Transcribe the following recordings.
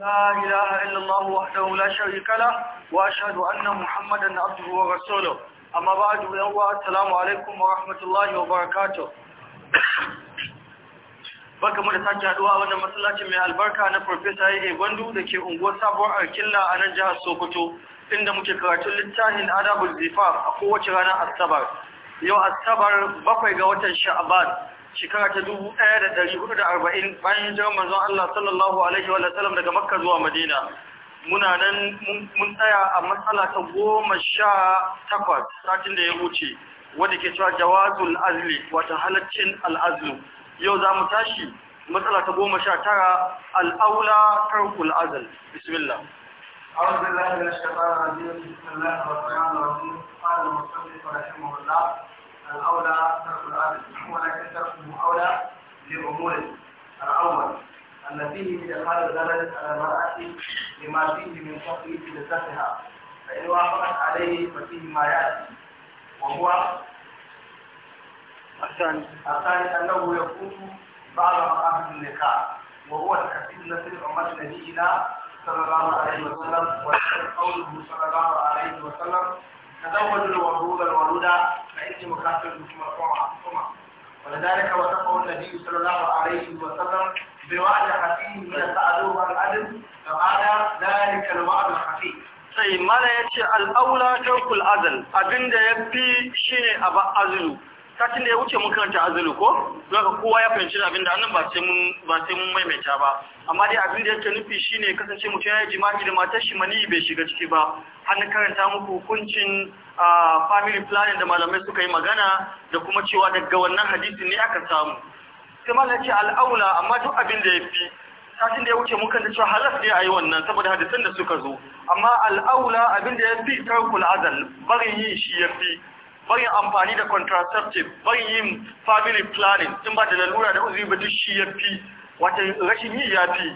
لا إله إلا الله وحده لا شريك له وأشهد أن محمدا عبده ورسوله أما بعد يوم السلام عليكم ورحمة الله وبركاته baka mu da sake haduwa wannan masallacin mai albarka na Professor Yahya Gwandu da ke unguwar Sabuwar Arkilla a nan jihar Sokoto inda muke karatun littafin Adabul Zifaf a kowace ranar Asabar. Yau Asabar bakwai ga watan Sha'aban shekara ta dubu ɗaya da ɗari hudu da arba'in bayan jiran manzon Allah sallallahu alaihi wa daga makka zuwa madina muna nan mun tsaya a matsala ta goma sha takwas satin da ya wuce wadda ke cewa jawazul azli wata halaccin al'azlu yau za mu tashi matsala ta goma sha tara al'aula tarkul azal bismillah أعوذ بالله من الشيطان الرجيم بسم الله الرحمن الرحيم قال المصنف رحمه الله الأولى ترك العادة ولكن تركه أولى لأمور الأول أن فيه من إدخال الزلل على المرأة لما فيه من في لذتها فإن وافقت عليه ففيه ما يأتي وهو الثاني الثاني أنه يفوت بعض مقاصد النكاح وهو تأكيد نسل أمة نبينا صلى الله عليه وسلم وقول قوله صلى الله عليه وسلم تزودوا الورود الورود فإني مخاطب بكم الحمى ولذلك وصفه النبي صلى الله عليه وسلم بوعد خفي من التعذوب والعدم فقال ذلك الوعد الخفي sai mana ya ce al'aula tarkul azal abinda ya fi shi ne satin da ya wuce mun karanta azulu ko don haka kowa ya fahimci abin da annan ba sai mun maimaita ba amma dai abin da yake nufi shine kasance mutum ya yi jima'i da matar shi mani bai shiga ciki ba an karanta muku hukuncin family planning da malamai suka yi magana da kuma cewa daga wannan hadisi ne aka samu sai malam ce al'aula amma duk abin da ya fi satin da ya wuce muka cewa halas ne a yi wannan saboda hadisan da suka zo amma al'aula abin da ya fi tarkul azal barin yi shi ya fi barin amfani da contraceptive bari yin family planning in ba da lalura da uzuri ba duk shi ya fi wata rashin yi ya fi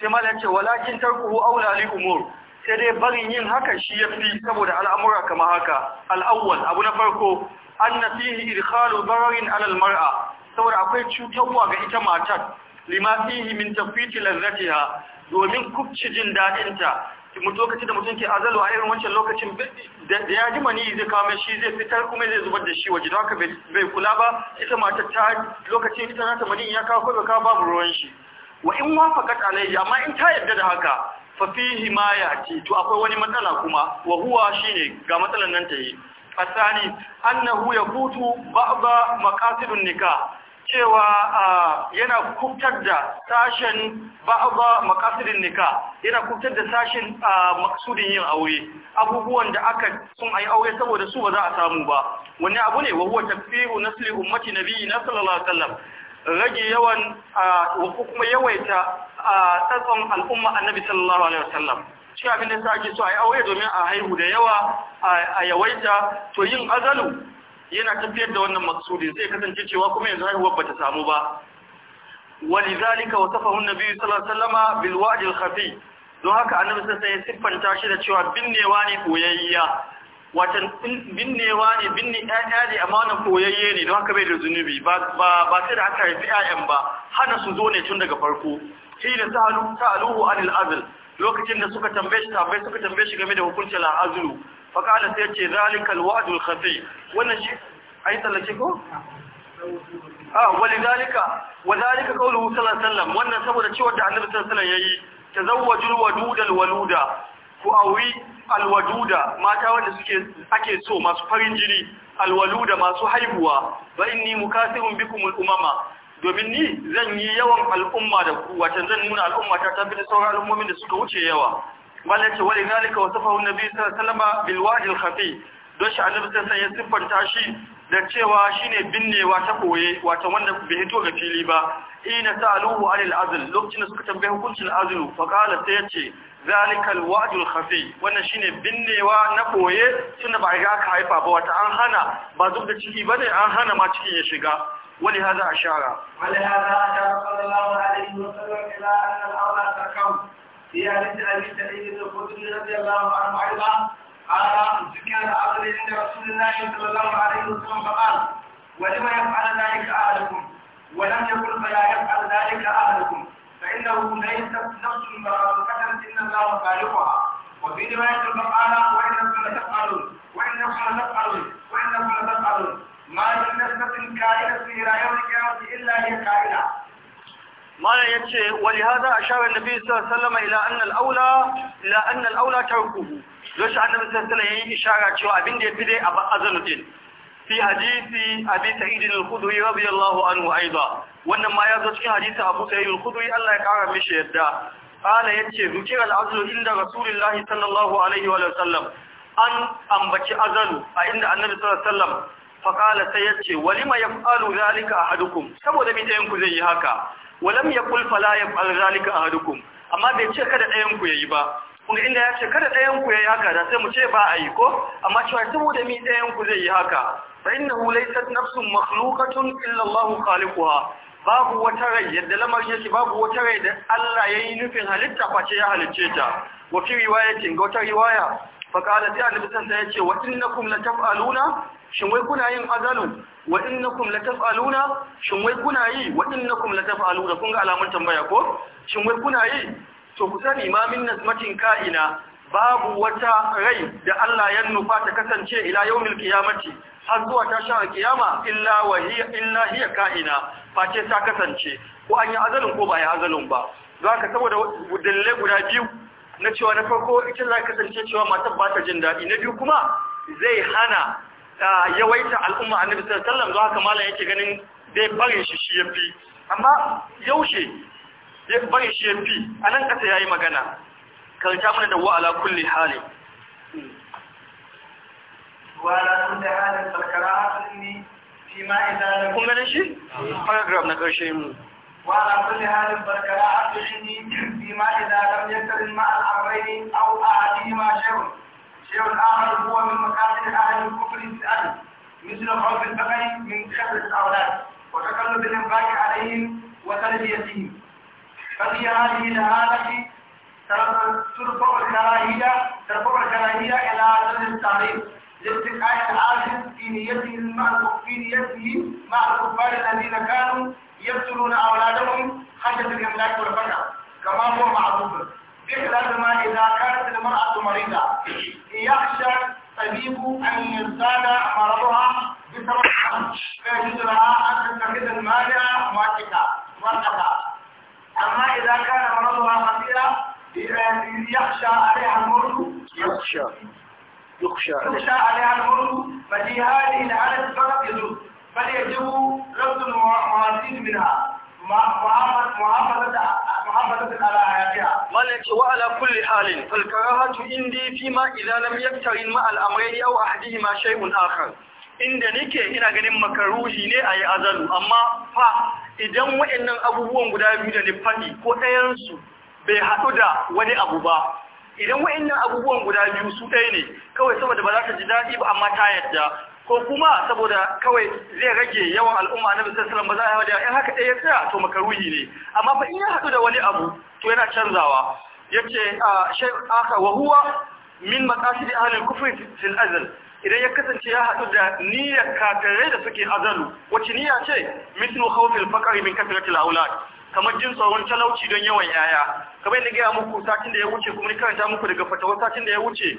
sai mala ce walakin tarkuhu aula li umur sai dai barin yin haka shi ya fi saboda al'amura kama haka al'awwal abu na farko anna fihi bararin dararin ala mara saboda akwai cutarwa ga ita matar lima fihi min tafwiti lazzatiha domin kubci jin dadin ta lokacin da mutum ke azalwa a irin wancan lokacin da ya ji mani zai kawo shi zai fitar kuma zai zubar da shi waje da haka bai kula ba ita mata ta lokacin ita nata mani ya kawo ka kawo babu ruwan shi wa in wafaqat alayhi amma in ta yadda da haka fa fihi ma ci. to akwai wani matsala kuma wa huwa ne, ga matsalan nan ta yi asani annahu yafutu ba'da Makasidun, Nika. cewa yana kubtar da sashen ba'aba makasirin nika yana kubtar da sashen maksudin yin aure abubuwan da aka sun ayi aure saboda su ba za a samu ba wani abu ne wahuwa tafiru takfiru nasli ummati nabiyyi sallallahu alaihi wasallam rage yawan ko kuma yawaita tsatson al'umma annabi sallallahu alaihi wasallam shi abin da sa ake so a yi aure domin a haihu da yawa a yawaita to yin azalu yana tafiyar da wannan maksudi zai kasance cewa kuma yanzu haihuwar bata samu ba ولذلك وصفه النبي صلى الله عليه وسلم بالوعد الخفي don haka annabi sai ya siffanta shi da cewa binnewa ne koyayya watan binnewa ne binne ƴaƴa ne amma wannan ne don haka bai da zunubi ba sai da aka haifi ƴaƴan ba hana su zo ne tun daga farko shi da sahalu sa'aluhu anil azal. lokacin da suka tambaye shi tambaye suka tambaye shi game da hukuncin al'azlu fa kana sai ce zalikal wa'dul khafi wannan shi ai tallace ko ah walidalika wadalika qawluhu sallallahu alaihi wasallam wannan saboda cewa da annabi sallallahu alaihi wasallam yayi tazawwajul wadudal waluda ku awi alwaduda mata wanda suke ake so masu farin jini alwaluda masu haihuwa ba inni mukasirun bikumul umama domin ni zan yi yawan al'umma da ku wata zan nuna al'umma ta tafi da sauran al'ummomin da suka wuce yawa balla ce wali zalika wasafahu nabi sallallahu alaihi wasallam bil wadi khafi don shi annabi sallallahu alaihi wasallam ya siffanta shi da cewa shine binnewa ta koye Wata wanda bai hito ga fili ba ina sa'aluhu anil azl lokacin da suka tambaye hukuncin azl fa qala sai yace zalika al khafi wannan shine binnewa na koye tunda ba ga ka haifa ba wata an hana ba da ciki bane an hana ma cikin ya shiga ولهذا أشار ولهذا أشار صلى الله عليه وسلم إلى أن الأرض تركم في حديث أبي سعيد الخدري رضي الله عنه أيضا قال ذكر عبد عند رسول الله صلى الله عليه وسلم فقال ولم يفعل ذلك أهلكم ولم يقل فلا يفعل ذلك أهلكم فإنه ليست نفس مرافقة إن الله خالقها وفي رواية فقال وإنكم لتفعلون وإنكم لتفعلون وإنكم لتفعلون ما من نفس كائنة إلى يوم القيامة إلا هي كائنة ماذا يتشي ولهذا أشار النبي صلى الله عليه وسلم إلى أن الأولى إلى أن الأولى تركه يشعر النبي صلى الله عليه وسلم إشارة شواء بن يبدي أبا أزلتين في حديث أبي سعيد الخدري رضي الله عنه أيضا وإنما يزوج في حديث أبو سعيد الخدري الله يكرم مشي يده قال يتشي ذكر العزل عند رسول الله صلى الله عليه وسلم an ambaci azalu a inda annabi sallallahu alaihi wasallam faƙala sai ya ce walima ya falu zalika a hadukun. saboda mai ɗayanku zai yi haka walam ya kulfala ya falu zalika a hadukun. amma bai ce kada ɗayanku ya yi ba kuma inda ya ce kada ɗayanku ya yi haka da sai mu ce ba a yi ko amma cewa saboda mai ɗayanku zai yi haka fa hu laysat nafsun makhluqatun illa Allahu khaliquha babu wata rai yadda lamarin yake babu wata rai da Allah yayi nufin halitta face ya halicce ta wa fi riwayatin ga wata riwaya faƙada sai annabi sansa ya ce wa innakum lataf'aluna shin wai kuna yin azalu wa innakum lataf'aluna shin wai kuna yi wa innakum lataf'aluna kun ga alamun tambaya ko shin wai kuna yi to ku sani ma min nasmatin ka'ina babu wata rai da Allah ya nufa ta kasance ila yawmil qiyamati har zuwa tashin kiyama illa wahiya illa hiya ka'ina face ta kasance ko an yi azalin ko ba yi azalin ba zaka saboda dalilai guda biyu na cewa na farko ita za kasance cewa matar ba ta jin daɗi na biyu kuma zai hana yawaita al'umma nabi sallallahu alaihi wasallam haka malam yake ganin zai barin shi shi yafi amma yaushe ya barin shi yafi a nan ƙasa yayi magana karanta mana da wa ala kulli hali wa ala kulli hali al ni, fi fima idza kun ganin shi paragraph na ƙarshe mu وعلى كل هذا عبد عندي فيما إذا لم يسر الماء الأمرين أو أحدهما شيء شيء آخر هو من مقاتل أهل الكفر في الأرض مثل خوف البقر من خبز الأولاد وتقلب الإنفاق عليهم وتلبيتهم ففي هذه الهالة ترفع الكراهية ترفع الكراهية إلى عدد التعريف لاتقاء العالم في نيته مع في نيته مع الكفار الذين كانوا يقتلون أولادهم خشية الإملاك والفقر كما هو معروف مثل ما إذا كانت المرأة مريضة يخشى الطبيب أن يزداد مرضها بسبب فيجوز لها أن تتخذ المال مؤقتا مؤقتا أما إذا كان مرضها خطيرا يخشى عليها المرض يخشى يخشى عليها المرض ففي هذه الحالة فقط يجوز بل يجب رفض المعاصين منها مالك وعلى كل ma فالكراهة عندي فيما إذا لم يقترن مع الأمرين أو أحدهما شيء آخر inda nike ina ganin makaruhi ne a yi azalu amma fa idan waɗannan abubuwan guda biyu da ni faɗi ko ɗayansu bai haɗu da wani abu ba idan waɗannan abubuwan guda biyu su ɗaya ne kawai saboda ba za ta ji daɗi ba amma ta yadda ko kuma saboda kawai zai rage yawan al'umma na bisa salam ba za a yi in haka ɗaya tsaya to makaruhi ne amma fa in ya haɗu da wani abu to yana canzawa ya ce shai aka wahuwa min matsasiri ahalin kufri fil azal idan ya kasance ya haɗu da niyyar kakarai da suke azalu wacce niyya ce mislu khawfil faqri min kathratil aulad kamar jin tsoron talauci don yawan yaya kamar yadda gaya muku satin da ya wuce kuma ni karanta muku daga fatawar satin da ya wuce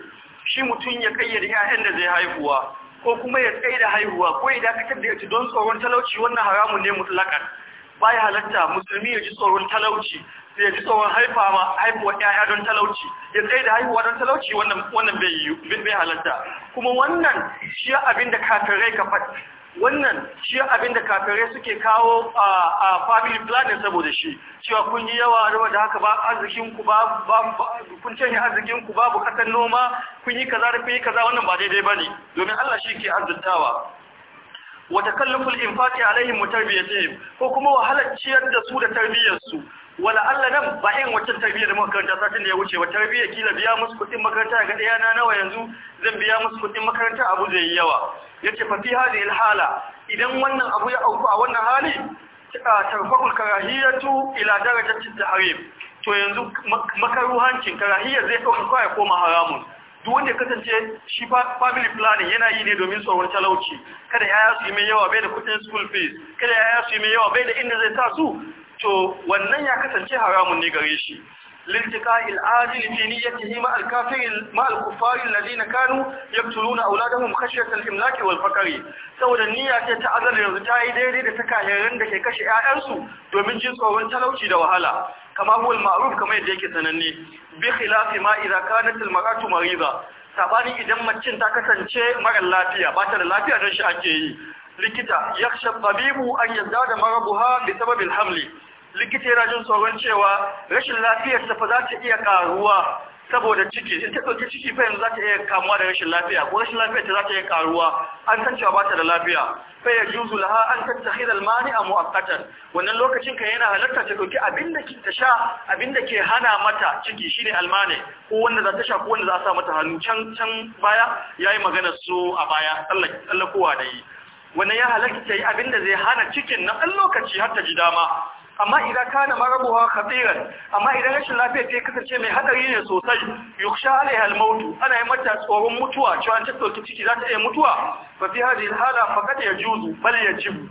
shi mutum ya kayyade 'ya'yan da zai haihuwa ko kuma ya tsaye da haihuwa ko ya dakatar da ya ci don tsoron talauci wannan haramun ne mutlakan baya halatta musulmi ya ji tsoron talauci sai ya ji tsoron haifa ma haifuwa ya don talauci ya tsaye da haihuwa don talauci wannan bai bai halatta kuma wannan shi abin da kafirai ka faɗi wannan shi abinda da kafirai suke kawo a family planning saboda shi cewa kun yi yawa rawa da haka ba ku ba kun canye ku babu kasar noma kun yi kaza da kun yi kaza wannan ba daidai ba ne domin Allah shi ke arzikawa wata kallafin infaki alaihim wa tarbiyyatihim ko kuma wahalar ciyar da su da tarbiyyarsu wala Allah nan ba in wacce tarbiyya da makaranta satin da ya wuce ba tarbiyya kila biya musu kudin makaranta ga ɗaya na nawa yanzu zan biya musu kudin makaranta abu zai yi yawa yace fa fi hadhihi alhala idan wannan abu ya auku a wannan hali tarfakul karahiyatu ila darajati tahrim to yanzu makaruhancin karahiyya zai dauka kai koma haramun duk wanda kasance shi family planning yana yi ne domin tsoron talauci kada yaya su yi mai yawa bai da kudin school fees kada yaya su yi mai yawa bai da inda zai sa su to wannan ya kasance haramun ne gare shi لالتقاء العاجل في نيته مع الكافر مع الكفار الذين كانوا يقتلون اولادهم خشيه الاملاك والفقر saboda niyya ce ta azal yanzu ta yi daidai da takahirin da ke kashe 'ya'yansu domin jin tsoron talauci da wahala kama huwa ma'ruf kamar yadda yake sananne bi khilafi ma idza kanat al mar'atu mariza sabani idan macin ta kasance mara lafiya ba ta da lafiya don shi ake yi likita yakhsha tabibu an da marabuha bi sababil hamli likita yana jin tsoron cewa rashin lafiyar ta fa za ta iya karuwa saboda ciki in ta ɗauki ciki fa yanzu za ta iya kamuwa da rashin lafiya ko rashin lafiyar ta za ta iya karuwa an san cewa ba ta da lafiya fa ya juzu laha an tattakhidha al-mani a mu'aqqatan wannan lokacin ka yana halarta ta ɗauki abin da ta sha ke hana mata ciki shine mani ko wanda za ta sha ko wanda za a sa mata hannu can can baya yayi magana su a baya kowa da yi wannan ya halarta ta yi abin da zai hana cikin na ɗan lokaci har ta ji dama amma idan kana marabuwa khatiran amma idan rashin lafiya ta kasance mai hadari ne sosai yuksha alaiha halmautu? ana yi mata tsoron mutuwa cewa ta dauki ciki za ta iya mutuwa fa fi hadhihi alhala faqad yajuzu bal yajibu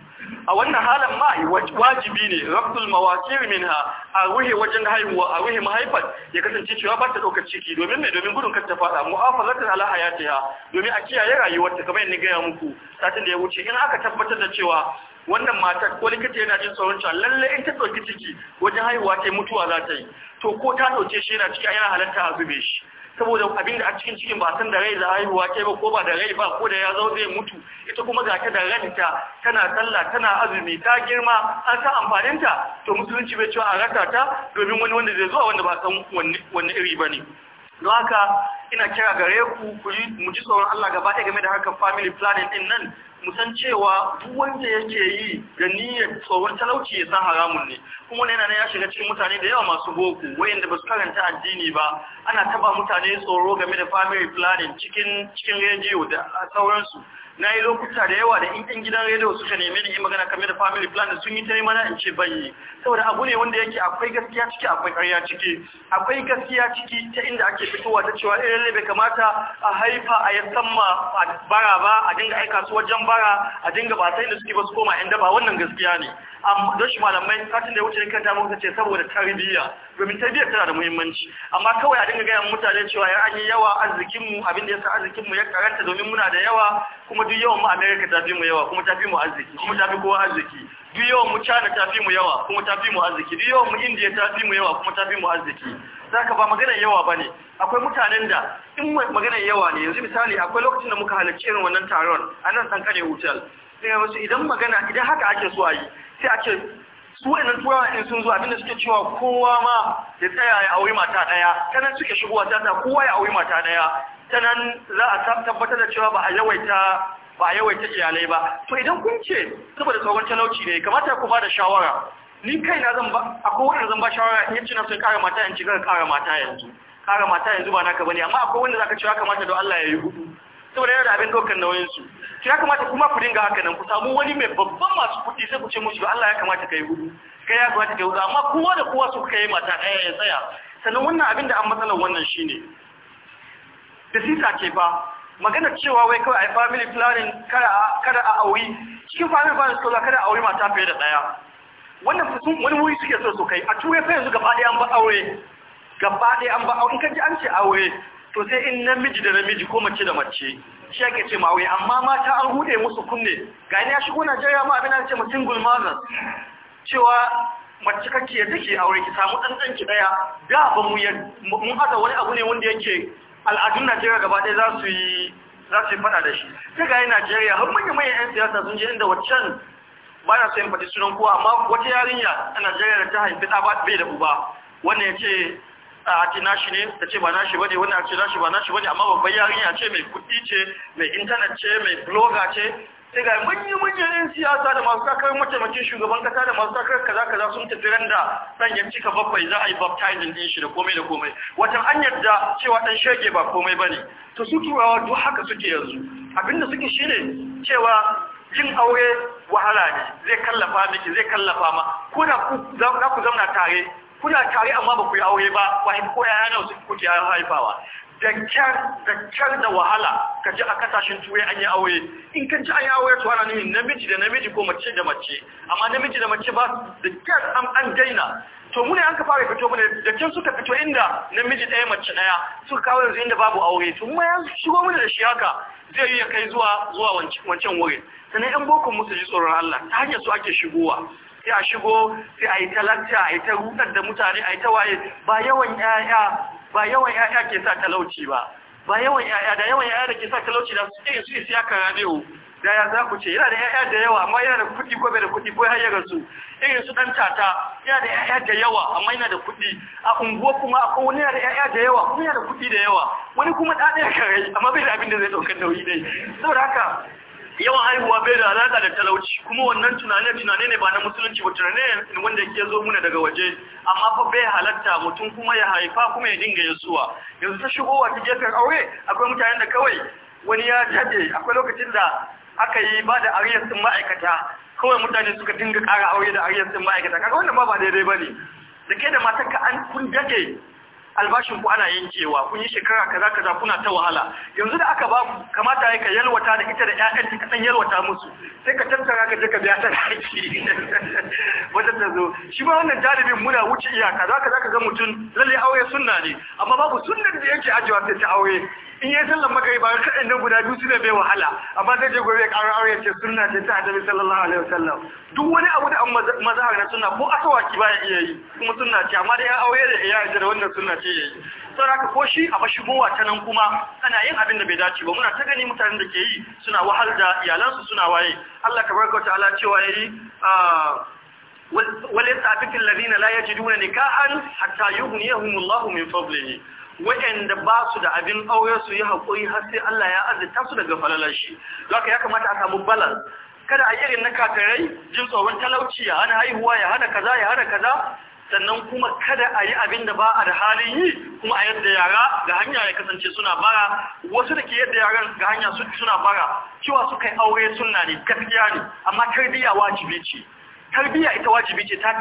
a wannan halan ma wajibi ne rabtul mawasir minha a ruhe wajen haihuwa a ruhe mahaifar ya kasance cewa ba ta daukar ciki domin mai domin gudun kar ta fada muhafazatan ala hayatiha domin a kiyaye rayuwarta kamar yadda ga muku satin da ya wuce in aka tabbatar da cewa wannan matar ko likita yana jin tsoron cewa lalle in ta dauki ciki wajen haihuwa ta mutuwa za ta yi to ko ta dauke shi yana ciki yana halatta a zube shi saboda abin da a cikin cikin ba san da rai za haihuwa ta ba ko ba da rai ba ko da ya zo zai mutu ita kuma ga ta da ranta tana sallah tana azumi ta girma an san ta to musulunci bai cewa a rasa ta domin wani wanda zai zo wanda ba san wanne iri ba ne don haka ina kira gare ku mu ji tsoron Allah gaba ɗaya game da harkar family planning ɗin nan mu san cewa duk wanda yake yi da niyyar tsoron talauci ya san haramun ne kuma wani yana ya shiga cikin mutane da yawa masu boko wayanda ba su karanta addini ba ana taba mutane tsoro game da family planning cikin cikin rediyo da sauransu na yi lokuta da yawa da in gidan rediyo suka neme ni yi magana kame da family plan sun yi ta nema na in ce bayi saboda abu ne wanda yake akwai gaskiya ciki akwai ƙarya ciki akwai gaskiya ciki ta inda ake fitowa ta cewa eh, irin bai kamata a haifa a ya samma bara ba a dinga aika su wajen bara a dinga ba sai da suke ba su koma yan daba wannan gaskiya ne amma don shi malamai satin da ya wuce kan ta muka ce saboda tarbiyya domin tarbiyya tana da muhimmanci amma kawai a dinga gaya mutane cewa ya an yi yawa arzikin mu abin da yasa arzikin mu ya karanta domin muna da yawa kuma duk yawan mu America ta fi mu yawa kuma ta fi mu arziki kuma ta fi kowa arziki duk yawan mu China ta fi mu yawa kuma ta fi mu arziki duk yawan mu India ta fi mu yawa kuma ta fi mu arziki zaka ba magana yawa bane akwai mutanen da in magana yawa ne yanzu misali akwai lokacin da muka halarci irin wannan taron a nan Sankare Hotel sai wasu idan magana idan haka ake so a yi sai a ce su wayannan turawa in sun zo abinda suke cewa kowa ma ya tsaya ya auri mata daya ta nan suke shigowa ta kowa ya auri mata daya ta nan za a tabbatar da cewa ba a yawaita ba a yawaita iyalai ba to idan kun ce saboda tsoron talauci ne kamata ku ba da shawara ni kai na zan ba a wanda zan ba shawara in ci na sun kara mata in ci kara mata yanzu kara mata yanzu ba naka bane amma akwai wanda zaka cewa kamata don Allah ya yi hudu saboda yana da abin ɗaukar nauyinsu shi ya kamata kuma ku dinga haka nan ku samu wani mai babban masu kuɗi sai ku ce musu Allah ya kamata ka yi hudu kai ya kamata ka yi hudu amma kowa da kowa su kai mata ɗaya ya tsaya sannan wannan abin da an matsalar wannan shine da sisa ce fa magana cewa wai kawai a family planning kada a auri cikin family planning suka kada a auri mata fiye da ɗaya wannan sun wani wuri suke so su kai a turai fa yanzu gaba ɗaya an ba aure gaba ɗaya an ba aure in ka ji an ce aure to sai in namiji da namiji ko mace da mace shi ake ce ma amma mata an hude musu kunne ga ni ya shigo Najeriya ma abin da ce mutum gulmazan cewa mace kake yadda ke aure ki samu dan danki daya da ba mu mun hada wani abu ne wanda yake al'adun Najeriya gaba ɗaya za su yi za su fada da shi sai ga Najeriya har manyan manyan yan siyasa sun je inda waccan ba na so in faɗi sunan kowa amma wata yarinya a Najeriya da ta haifi da ba bai da uba wannan ya ce a ce nashi ne ta ce ba nashi bane wani a ce nashi ba nashi bane amma babban yarinya ce mai kuɗi ce mai intanet ce mai blogger ce sai ga manyan siyasa da masu takarar mataimakin shugaban kasa da masu takarar kaza kaza sun tafi ran da dan ya cika bakwai za a yi baptizing din shi da komai da komai wata an da cewa dan shege ba komai bane to su turawa duk haka suke yanzu abinda suke shine cewa yin aure wahala ne zai kallafa miki zai kallafa ma ko da ku zauna tare kuna tare amma ba ku yi aure ba wani ko yaya na wasu kuke yayan haifawa da kyar da wahala ka ji a kasashen turai an yi aure in kan ji an yi aure to ana nuni namiji da namiji ko mace da mace amma namiji da mace ba da kyar an daina to mune an ka fara fito mana da suka fito inda namiji ɗaya mace ɗaya suka kawo yanzu inda babu aure to mu ya shigo mana da shi haka zai ya kai zuwa zuwa wancan wurin sannan yan boko su ji tsoron Allah ta hanyar su ake shigowa sai a shigo sai a yi talanta a yi ta rudar da mutane a yi ta waye ba yawan yaya ba yawan yaya ke sa talauci ba ba yawan yaya da yawan yaya da ke sa talauci da su irin su yi siya karamewo da ya za ku ce yana da yaya da yawa amma yana da kuɗi ko bai da kuɗi ko ya rasu irin su ɗan tata yana da yaya da yawa amma yana da kuɗi a unguwa kuma akwai wani yana da yaya da yawa kuma yana da kuɗi da yawa wani kuma ɗaɗaya kare amma bai da abin da zai ɗaukar nauyi dai saboda haka yawan haihuwa bai da alaƙa da talauci kuma wannan tunane tunane ne ba na musulunci ba tunane ne wanda ke zo muna daga waje amma fa bai halatta mutum kuma ya haifa kuma ya dinga yasuwa yanzu ta shigo shigowa ta gefen aure akwai mutanen da kawai wani ya jade akwai lokacin da aka yi ba da ariyar sun ma'aikata kawai mutane suka dinga ƙara aure da ariyar sun ma'aikata kaga wannan ba ba daidai ba ne da ke da matarka an kun dake albashin ku ana yankewa kun yi shekara kaza kaza kuna ta wahala yanzu da aka ba kamata ya ka yalwata da ita da ƴaƴan ka san yalwata musu sai ka tantara ka je ka biya ta aiki wajen da zo shi ma wannan dalibin muna wuce iyaka za ka ga mutum lalle aure sunna ne amma babu sunnar da yake ajiwa sai ta aure in ya sallan magari ba kaɗan nan guda biyu suna bai wahala amma zai je gobe ƙarar aure ce suna ce ta hadari sallallahu alaihi wasallam duk wani abu da an mazahar na suna ko asawaki ba ya iya yi kuma suna ce amma da ya aure da ya yi da wannan suna ce yi. saboda haka ko shi a mashigowa ta nan kuma ana yin abin da bai dace ba muna ta gani mutanen da ke yi suna wahal da iyalansu suna waye Allah tabaraka wa ta'ala cewa yayi وليستعفف الذين لا يجدون نكاحا حتى يغنيهم الله min فضله wa'anda ba su da abin aure su yi haƙuri har sai Allah ya azzita su daga falalar shi zaka ya kamata a samu balan kada a irin na kakarai jin tsoron talauci ya hana haihuwa ya hana kaza ya hana kaza sannan kuma kada a yi abin da ba a da halin yi kuma a yadda yara ga hanya ya kasance suna bara wasu da ke yadda yaran ga hanya suna bara cewa su kai aure suna ne gaskiya ne amma tarbiyya wajibi ce tarbiyya ita wajibi ce ta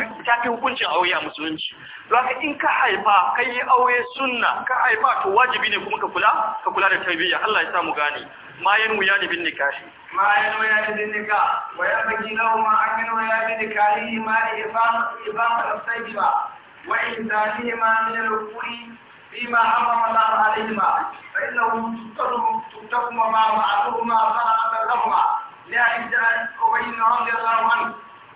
fi hukuncin aure a musulunci zaka in ka haifa kai yi aure sunna ka haifa to wajibi ne kuma ka kula ka kula da tarbiyya Allah ya samu gane ma yan wuya ne bin nikahi ma yan wuya ne bin nikah wa ya baki lahu ma an yan wuya bin nikahi ma ibam ibam al-sayyiba wa insanihi ma min al-quri فيما حرم الله عليهما فإنه تكتب ما معهما فلا لهما لأن أبي رضي الله عنه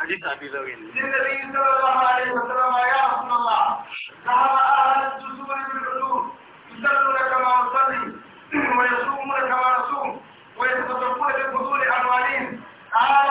حديث أبي ذر يا رسول الله ذهب أهل الدستور بالعلوم يصلون كما نصلي ويصومون كما نصوم ويتصدقون بفضول أموالهم قال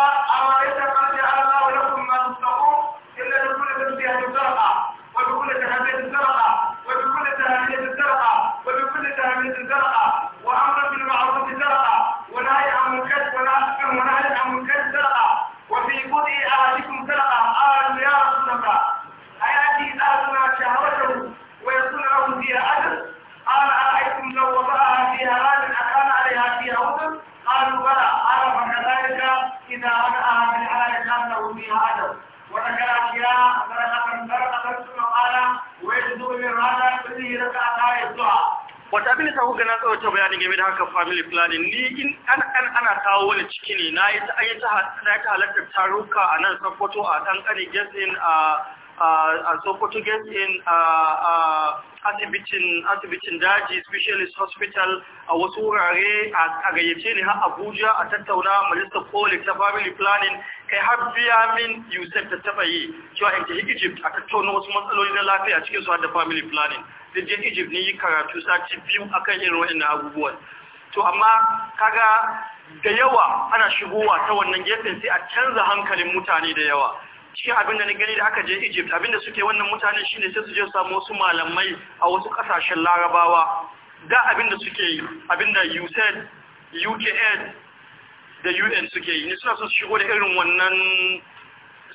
Ka kuka na tsawaita bayani game da haka family planning ni in ana kan ana kawo wani ciki ne na yi ta ayi ta ta halartar taruka a nan Sokoto a dan kane gasin a a Sokoto gasin a asibitin asibitin daji specialist hospital a wasu wurare a gayyace ne har Abuja a tattauna majalisa college ta family planning kai har biya min Yusuf ta taba yi cewa in ta Egypt a tattauna wasu matsaloli na lafiya cikin su har da family planning da je Egypt ne yi karatu sati biyu akan irin wa'annan abubuwan to amma kaga da yawa ana shigowa ta wannan gefen sai a canza hankalin mutane da yawa cikin abin da na gani da aka je Egypt abin da suke wannan mutane shine sai su je su samu wasu malamai a wasu kasashen Larabawa da abin da suke yi abin da USAID e ukn da UN suke yi ne suna so su shigo da irin wannan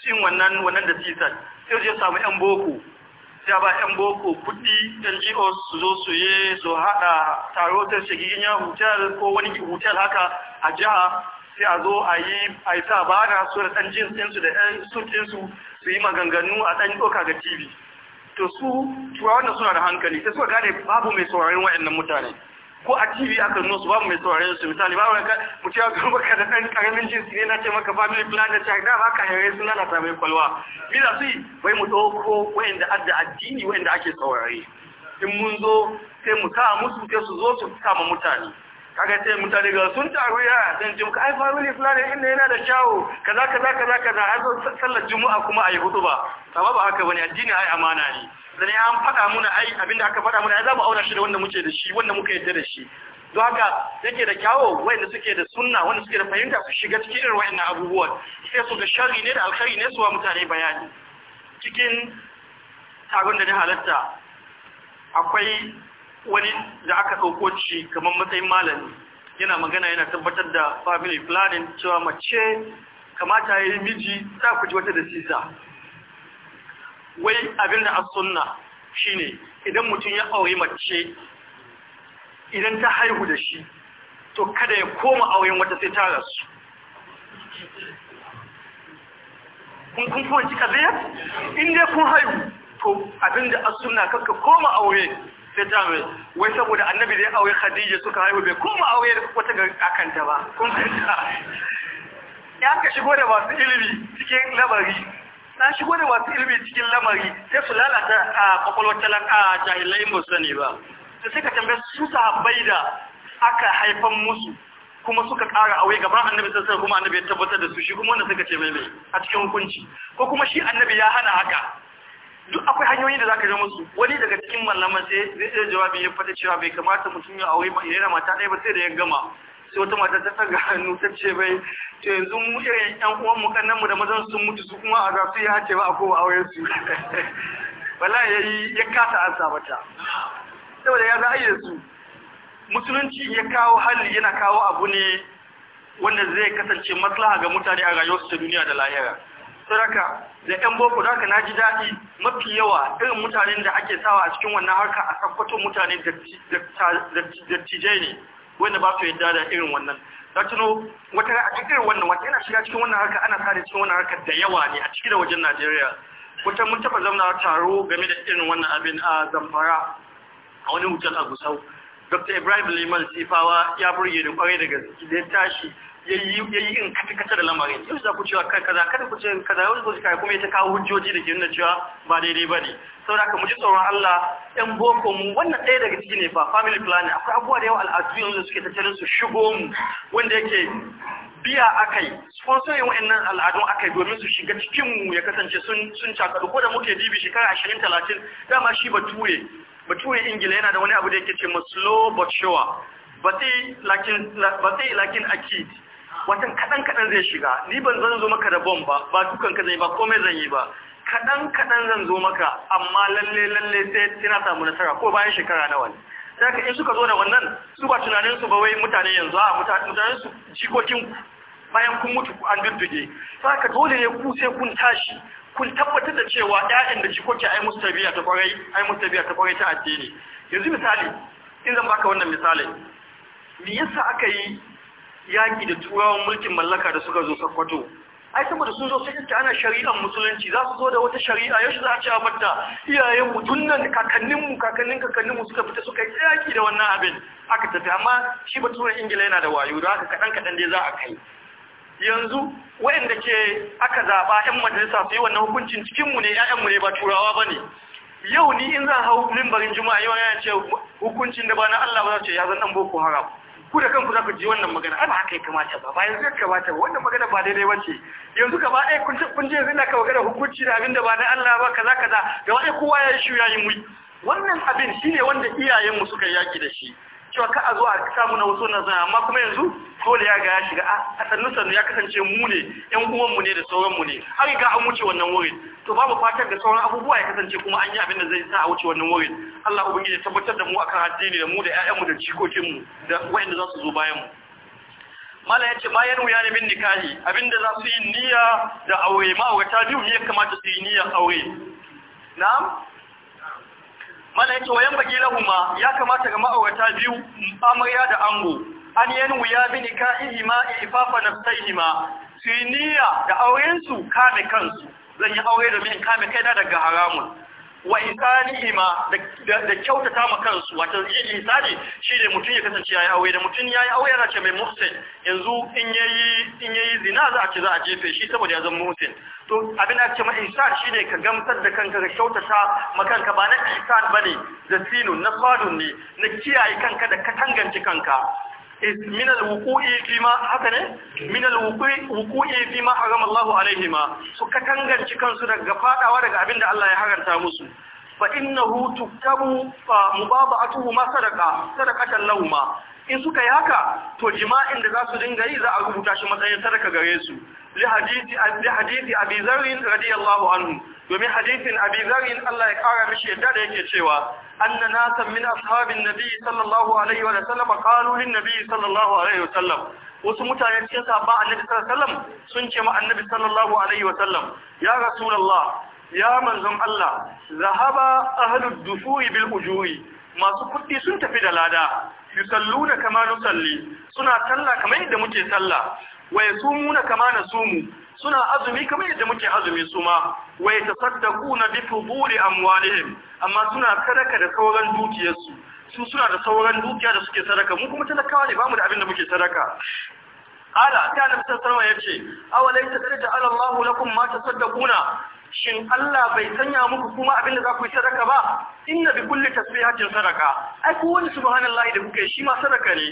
sin wannan wannan da tisan sai su je su samu yan boko ya ba yan boko kuɗi NGOs su zo su yi su haɗa taro ta shigigin ya hotel ko wani hotel haka a jiha sai a zo a yi a yi sa bana su da ɗan jins su da ɗan sun ɗinsu su yi maganganu a ɗan ɗoka ga TV to su wannan suna da hankali sai suka gane babu mai saurarin waɗannan mutane ko a TV aka nuna su babu mai saurare su misali babu ka mu ce ga baka da dan karamin jinsi ne na ce maka family plan da check da baka hare su ta mai kwalwa ni da su bai mu dauko wayanda adda addini wayanda ake saurare in mun zo sai mu sa musu sai su zo su kama mutane kaga ce mutane ga sun taru ya dan jim kai family fulani inda yana da shawo kaza kaza kaza kaza har sallar juma'a kuma ayi hutuba amma ba haka bane addini ai amana ne dan an faɗa muna ai abinda aka faɗa muna ai za mu aura shi da wanda muke da shi wanda muka yarda da shi don haka yake da kyawo wanda suke da sunna wanda suke da fahimta su shiga cikin irin wa'annan abubuwan sai su ga sharri ne da alkhairi ne su wa mutane bayani cikin taron da na halatta akwai wani da aka ɗauko shi kamar matsayin malami yana magana yana tabbatar da family planning cewa mace kamata ya yi miji ta kuji wata da sisa wai abin da asunna shine idan mutum ya aure mace idan ta haihu da shi to kada ya koma auren wata sai ta rasu kun kuma fahimci kaza in dai kun haihu to abin da asunna kanka koma aure sai ta mai wai saboda annabi zai aure khadija suka haihu bai kuma aure da ta ga akanta ba kun fahimta ya ka shigo da masu ilimi cikin labari na shigo da masu ilimi cikin lamari sai su lalata a kwakwalwar talaka jahilai ba sani ba da suka tambaye su sahabbai da aka haifan musu kuma suka ƙara aure gaban annabi sassan kuma annabi ya tabbatar da su shi kuma wanda suka ce mai mai a cikin hukunci ko kuma shi annabi ya hana haka duk akwai hanyoyi da zaka ga musu wani daga cikin malaman sai zai iya jawabi ya fata cewa bai kamata mutum ya aure ba. yana mata ɗaya ba sai da ya gama sai wata mata ta saka hannu ta ce bai to yanzu mu irin yan uwan mu kannan mu da mazan sun mutu su kuma a zasu ya ce ba a kowa aure su wallahi yayi ya kasa an sabata saboda ya za a yi su musulunci ya kawo hali yana kawo abu ne wanda zai kasance maslaha ga mutane a rayuwarsu ta duniya da lahira saraka da ɗan boko da aka naji daɗi mafi yawa irin mutanen da ake sawa a cikin wannan harka a tabbatar mutane da tijai ne wanda ba su yadda da irin wannan da tuno wata a cikin wannan wata yana shiga cikin wannan harka ana sare cikin wannan harka da yawa ne a cikin da wajen Najeriya wata mun taba zama taro game da irin wannan abin a Zamfara a wani hotel a Gusau dr ibrahim liman sifawa ya burge da kwarai da gaske da tashi ya yi in kata-kata da lamarin yau za ku cewa kan kaza kada ku ce kaza wani kai kuma ya ta kawo hujjoji da ke nuna cewa ba daidai ba ne Sau da mu ji tsoron Allah yan boko mu wannan ɗaya daga ciki ne fa family planning akwai abubuwa da yawa al'adu yanzu suke tattalin su shigo mu wanda yake biya akai sponsorin wa'annan al'adun akai domin su shiga cikin mu ya kasance sun sun cakadu ko da muke dibi shekara ashirin talatin, dama shi bature mutumin ingila yana da wani abu da yake ce slow but sure bati lakin a lakin akid watan kadan kadan zai shiga ni ban zan zo maka da bom ba ba dukan ka zai ba komai zan yi ba kadan kadan zan zo maka amma lalle lalle sai tana samu nasara ko bayan shekara na wani. sai ka in suka zo da wannan su ba tunaninsu ba wai mutane yanzu a mutanen jikokin bayan kun mutu an dudduge saka dole ne ku sai kun tashi kun tabbatar da cewa 'ya'yan da jikoki a musu ta ai ta ƙwarai ta addini yanzu misali in zan baka wannan misali me yasa aka yi yaƙi da turawan mulkin mallaka da suka zo sakwato ai saboda sun zo sai ana shari'ar musulunci za su zo da wata shari'a yau za a ce mata iyayen mutum tun nan kakannin mu kakannin kakannin mu suka fita suka yi yaki da wannan abin aka tafi amma shi baturen Ingila yana da wayo da haka kaɗan-kaɗan dai za a kai yanzu wayanda ke aka zaba 'yan majalisa su yi wannan hukuncin cikinmu ne 'ya'yanmu ne ba turawa ba ne. yau ni in zan hau limbarin juma'a yau yana ce hukuncin da ba na Allah ba za ce ya zan dan boko haram ku da kanku za ku ji wannan magana ai ba haka ya kamata ba bayan zai kamata ba wannan magana ba daidai ce. yanzu ba ɗaya kun kun je zina ka magana hukunci da abin da ba na Allah ba kaza kaza gaba ɗaya kowa ya yi shi ya yi mu wannan abin shine wanda iyayenmu suka yaki da shi cewa ka a zuwa a samu na wasu na zana amma kuma yanzu dole ya ga ya shiga a sannu sannu ya kasance mu ne yan uwan mu ne da sauran mu ne har ga an wuce wannan wurin to babu fatar da sauran abubuwa ya kasance kuma an yi abin da zai sa a wuce wannan wurin Allah ubangiji ya tabbatar da mu akan addini da mu da ƴaƴan da jikokin mu da wayanda za su zo bayan mu mala yace ma yanu ya ne min nikahi abinda za su yi niyya da aure ma'aurata biyu ne ya kamata su yi niyyar aure na'am mana yake wayan bagi lahuma ya kamata ga ma'aurata biyu amarya da ango an yanwu ya bi ma ifafa su yi niyya da aurensu kame kansu zan yi aure domin in kame na daga haramun wa insanihima da kyautata ma kansu wato yin shi shine mutum ya kasance yayi aure da mutum yayi aure yana ce mai muhsin yanzu in yayi in yayi zina za a ce za a jefe shi saboda ya zama muhsin to abin da ake ma insan shine ka gamsar da kanka ka kyautata ma kanka ba na insan bane da sinun na fadun ne na kiyaye kanka da ka tanganci kanka من الوقوع فيما حسن من الوقوع فيما حرم الله عليهما فكتنغنتي كانسو daga fadawa daga abinda Allah ya haranta musu fa innahu tuktabu mubada'atuhuma sadaqa sadaqatan lahumu in suka yi haka to jima'in da za su dinga yi za a rubuta shi matsayin sadaka gare su li hadisi abi zarrin radiyallahu anhu domin hadisin abi zarrin Allah ya kara mishi yadda da yake cewa anna nasan min ashabin nabi sallallahu alaihi wa sallam qalu lin nabi sallallahu alaihi wa sallam wasu mutane cikin sahaba annabi sallallahu alaihi wa sallam sun ce ma annabi sallallahu alaihi wa sallam ya rasulullah ya manzon Allah zahaba ahlud dufuri bil ujuri masu kuɗi sun tafi da lada yusalluna kama nusalli suna talla kamar yadda muke sallah wa yasumuna kama nasumu suna azumi kamar yadda muke azumi su ma wa yatasaddaquna bi fuduri amwalihim amma suna sadaka da sauran dukiyarsu su suna da sauran dukiya da suke sadaka mu kuma talakawa ne bamu da abin da muke sadaka ala ta ya sallallahu alaihi wasallam yace awalaita qad ala allah lakum ma tasaddaquna shin Allah bai sanya muku kuma abin da za ku yi sadaka ba inna bi kulli tasbihatin sadaka ai ku wani subhanallahi da kuke shi ma sadaka ne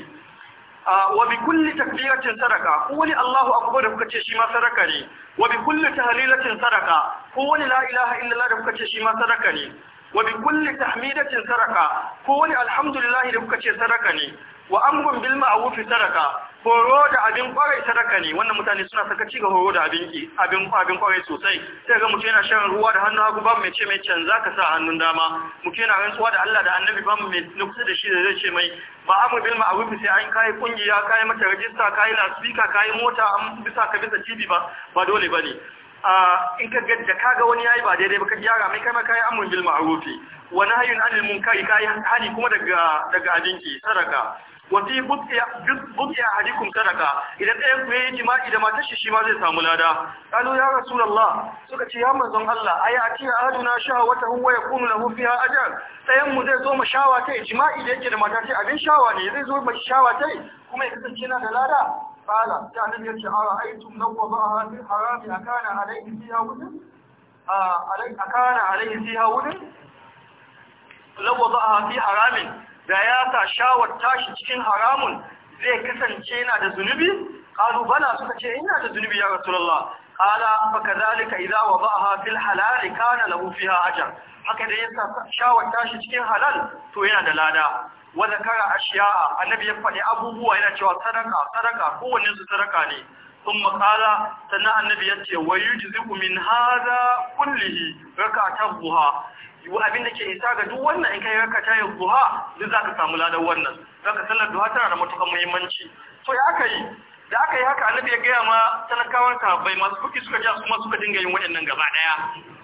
wa bi kulli takbiratin sadaka ku wani Allahu akbar da kuka ce shi ma sadaka ne wa bi kulli tahlilatin sadaka ku wani la ilaha illallah da kuka ce shi ma sadaka ne wa bi kulli tahmidatin sadaka ku wani alhamdulillah da kuka ce sadaka ne wa amrun bil ma'ruf sadaka horo da abin kwarai sadaka ne wannan mutane suna sakaci ga horo da abin ki abin abin kwarai sosai sai ga mutum na shan ruwa da hannu hagu babu mai ce mai canza ka sa hannun dama mutum na rantsuwa da Allah da Annabi babu mai nukusa da shi da zai ce mai ba amrun bil ma'ruf sai an kai kungiya kai mata register kai speaker kai mota an bisa ka bisa cibi ba ba dole bane in ka ga da kaga wani yayi ba daidai ba ka gyara mai kai kai amrun bil ma'ruf wa nahyun anil munkari kai hani kuma daga daga abinki sadaka wa fi buqiya hadikum sadaka idan ɗayan ku yi jima'i da matar shi ma zai samu lada qalu ya rasulallah suka ce ya manzon Allah ay ati aduna shahawatahu wa yakunu lahu fiha ajr ɗayan mu zai zo mu shawa tai jima'i da yake da matar shi abin shawa ne zai zo mu shawa tai kuma ya kasance yana da lada qala ya nan ya ce ara aitum law wada'aha fil harami akana alayhi fiha wudun a alayhi akana alayhi fiha wudun law wada'aha fi haramin da ya sa shawar tashi cikin haramun zai kasance yana da zunubi qalu bala suka ce ina da zunubi ya rasulullah kala fa zalika idza wada'aha fil halal kana lahu fiha ajr haka da yasa shawar tashi cikin halal to yana da lada wa zakara ashiya'a annabi ya faɗi abubuwa yana cewa sadaka sadaka kowanne su sadaka ne ثم قال سنة النبي يتي ويجزئ min هذا كله ركعة الضحى yiwu abin da ke isa ga duk wannan in kai ka tayin duha duk zaka samu ladan wannan zaka sallar duha tana da matukar muhimmanci to ya aka yi da aka yi haka annabi ya gaya ma talakawan sahabbai masu kuki suka ja kuma suka dinga yin waɗannan gaba daya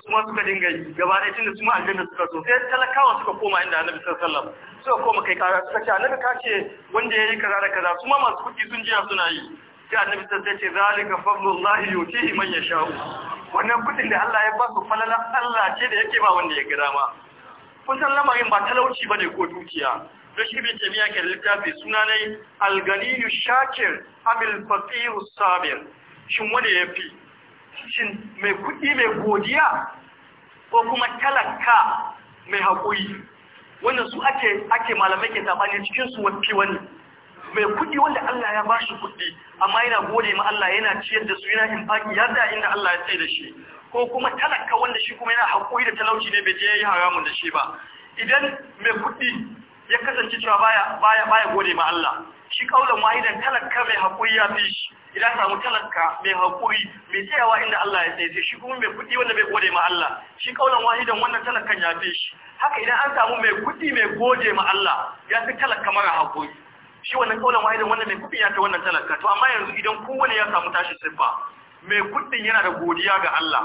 kuma suka dinga yi gaba daya tunda su ma aljanna suka so sai talakawan suka koma inda annabi sallallahu alaihi wasallam suka koma kai kaza suka ce annabi ka ce wanda yayi kaza da kaza su ma masu kuki sun jiya suna yi sai annabi sallallahu alaihi wasallam ya ce zalika fadlullahi yutihi man yasha'u wannan kudin da Allah ya ba su falalan Allah ce da yake ba wanda ya gira ma kusan lamarin ba talauci ba ne ko dukiya da shi bi jami'a ke littafi suna ne al-ganiyu shakir amil faqih sabir shin wanda fi? shin mai kudi mai godiya ko kuma talaka mai haƙuri wannan su ake ake malamai ke tabani cikin su fi wani mai kuɗi wanda Allah ya bashi kuɗi amma yana gode ma Allah yana ciyar da su yana infaki ya da inda Allah ya tsaye da shi ko kuma talaka wanda shi kuma yana haƙuri da talauci ne bai je yayi haramun da shi ba idan mai kuɗi ya kasance cewa baya baya baya gode ma Allah shi kaulan wahidan talaka mai haƙuri ya fi shi idan samu talaka mai haƙuri mai tsayawa inda Allah ya tsaye shi kuma mai kuɗi wanda bai gode ma Allah shi kaulan wahidan wannan talakan ya fi shi haka idan an samu mai kudi mai gode ma Allah ya fi talaka mara haƙuri shi wannan kaulan wahidin wannan mai kudin ya fi wannan talaka to amma yanzu idan kowane ya samu tashi siffa mai kuɗin yana da godiya ga Allah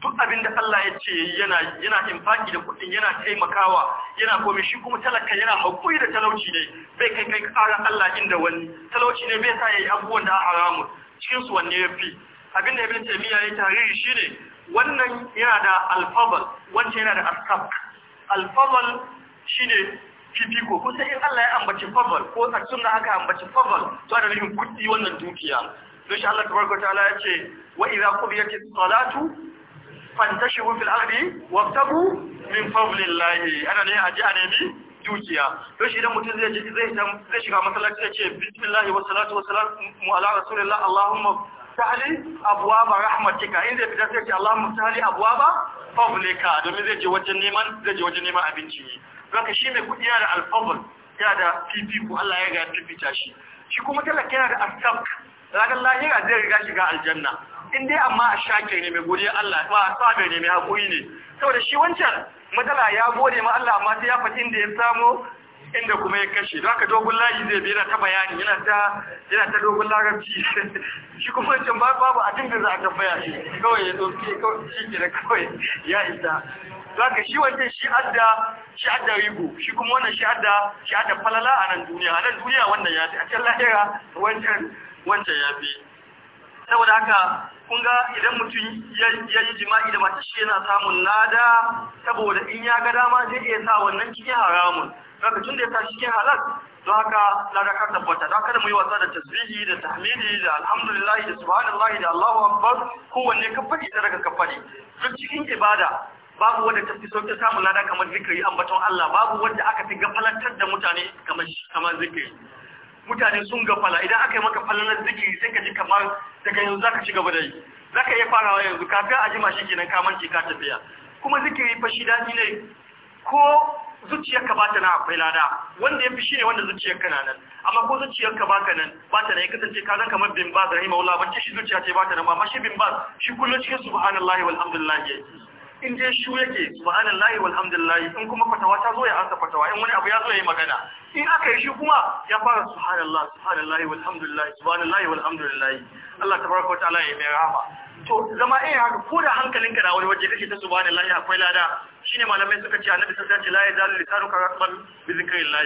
duk abin da Allah ya ce yana yana infaki da kudin yana taimakawa yana komai shi kuma talaka yana hakuri da talauci ne bai kai kai ƙara Allah inda wani talauci ne bai sa yayi abubuwan da haramun cikin su wanne yafi abin da Ibn taymiya ya tarihi shine wannan yana da alfabal wancan yana da asab alfabal shine fifiko ko sai in Allah ya ambaci fadl ko a sunna aka ambaci fadl to da nufin kudi wannan dukiya to insha Allah tabaraka taala ya ce wa idza qudiyatis salatu fantashiru fil ardi wabtagu min fadlillahi ana ne aje a nemi dukiya to shi idan mutum zai zai zai shiga masallaci ya ce bismillahi wassalatu wassalamu ala rasulillah allahumma sahli abwaba rahmatika in zai fita sai ce allahumma sahli abwaba fadlika domin zai je wajen neman zai je wajen neman abinci zaka shi mai kudi yana da alfabar yana da fifiko Allah ya ga ta shi shi kuma talaka yana da asabk ranar lahira zai riga shiga aljanna in dai amma a shake ne mai godiya Allah ba sabe ne mai hakuri ne saboda shi wancan matsala ya gode ma Allah amma sai ya faɗi inda ya samo inda kuma ya kashe don haka dogon layi zai bi yana ta bayani yana ta yana ta dogon larabci shi kuma wancan babu abin da za a tambaya shi kawai ya doke kawai shi ke kawai ya isa zaka shi wancan shi adda shi adda rigo shi kuma wannan shi adda shi adda falala a nan duniya a nan duniya wannan ya fi a can lahira wancan wancan ya fi saboda haka kun ga idan mutum ya yi jima'i da mace shi yana samun lada saboda in ya ga dama zai iya sa wannan cikin haramun zaka tun da ya sa cikin halal don haka lada ka tabbata don da mu yi wasa da tasbihi da tahmidi da alhamdulillah da subhanallahi da Allahu akbar kowanne ka faɗi da daga ka duk cikin ibada babu wanda ta fi sauƙin samun lada kamar zikiri an baton Allah babu wanda aka fi gafalantar da mutane kamar zikiri mutane sun gafala idan aka yi maka falalar zikiri sai ka ji kamar daga yanzu zaka ci gaba da yi zaka iya farawa yanzu kafin a jima shi kenan ka mance ka tafiya kuma zikiri fa shi dadi ne ko zuciyarka ba ta na akwai lada wanda ya fi shi ne wanda zuciyarka na nan amma ko zuciyarka ka baka nan ba ta na ya kasance ka zan kamar bin baz maula, ba ce shi zuciya ce ba ta ba amma shi bin ba shi kullum cikin subhanallahi walhamdulillah yake in dai shu yake subhanallahi walhamdulillah in kuma fatawa ta zo ya ansa fatawa in wani abu ya zo ya yi magana in aka yi shi kuma ya fara subhanallah subhanallahi walhamdulillah subhanallahi walhamdulillah Allah tabaraka wa ta'ala ya mai rahama to zama eh haka ko da ka na wani waje kake ta subhanallahi akwai lada shine malamai suka ce annabi sallallahu alaihi wasallam ce la yazalu lisanuka rasman bi zikrillah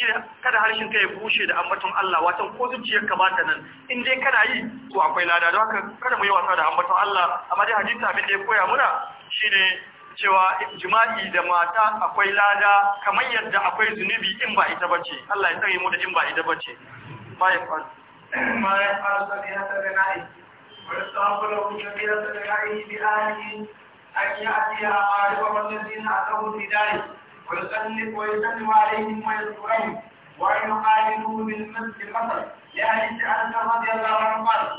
shine kada harshen ka ya bushe da ambaton Allah watan ko zuciyar ka bata nan in dai kana yi to akwai lada don haka kada mu yi wasa da ambaton Allah amma dai hadisi abin da ya koya muna shine cewa jima'i da mata akwai lada kamar yadda akwai zunubi in ba ita bace Allah ya tsare mu da in ba ita bace ma ya faru ma ya da da wa wa bil masjid ya radiyallahu anhu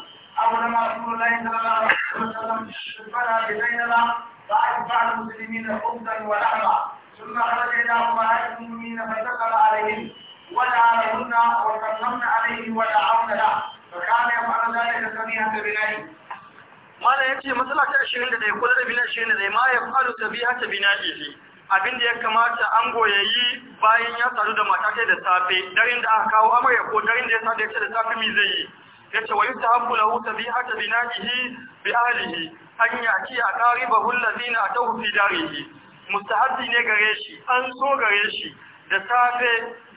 فأتبع المسلمين خبزا ولحما ثم خرج أمهات المؤمنين فدخل عليهم ودعا وسلمن عليه ودعون له فكان يفعل ذلك سميعة بنائه mana ya ce matsala ta 21 ko da bina 21 ma ya falu tabiha ta bina ihi abin da ya kamata an yi bayan ya sadu da mata da safe darin da aka kawo amarya ko darin da ya sadu da safe mi zai yi yace wa ta lahu tabihata bina'ihi bi ahlihi a yaki aqaribahu allazina atahu fi darihi mustahabbi ne gare shi an so gare shi da safe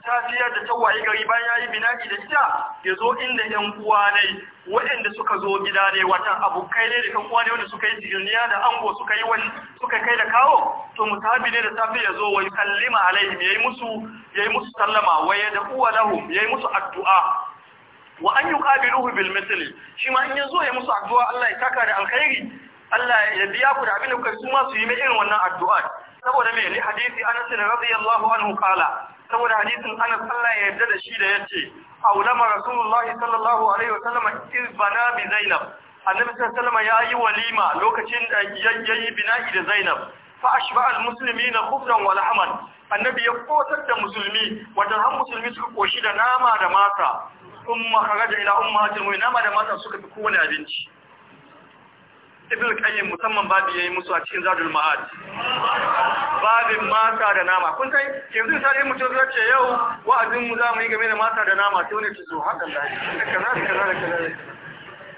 safiya da tawayi gari bayan yayi bina'i da ita ya zo inda yan uwa ne waɗanda suka zo gida ne watan abokai ne da kan uwa ne wanda suka yi jirniya da ango suka yi wani suka kai da kawo to mutabi ne da safe ya zo wa sallima alaihim yayi musu yayi musu sallama wa da uwa lahum yayi musu addu'a wa an yuqabiluhu bil mithli shi ma in ya musu addu'a Allah ya taka da alkhairi Allah ya biya ku da abin da kuka su su yi mai irin wannan addu'a saboda me li hadisi Anas radiyallahu an hukala. saboda hadisin Anas Allah ya yarda da shi da yace aulama Rasulullah sallallahu alaihi wasallam izbana bi Zainab annabi sallallahu alaihi wasallam yayi walima lokacin da yayi bina'i da Zainab fa ashba al muslimina khubran wa lahman annabi ya kotar da musulmi wajen han musulmi suka koshi da nama da mata. umma kharaja ila ummatil mu'minin ma da mata suka fi kowane abinci ibn qayyim musamman babu yayi musu a cikin zadul ma'ad babin mata da nama kun kai yanzu sai mutum zai ce yau wa'azin mu zamu yi game da mata da nama sai ne tuzo hakan da kaza kaza kaza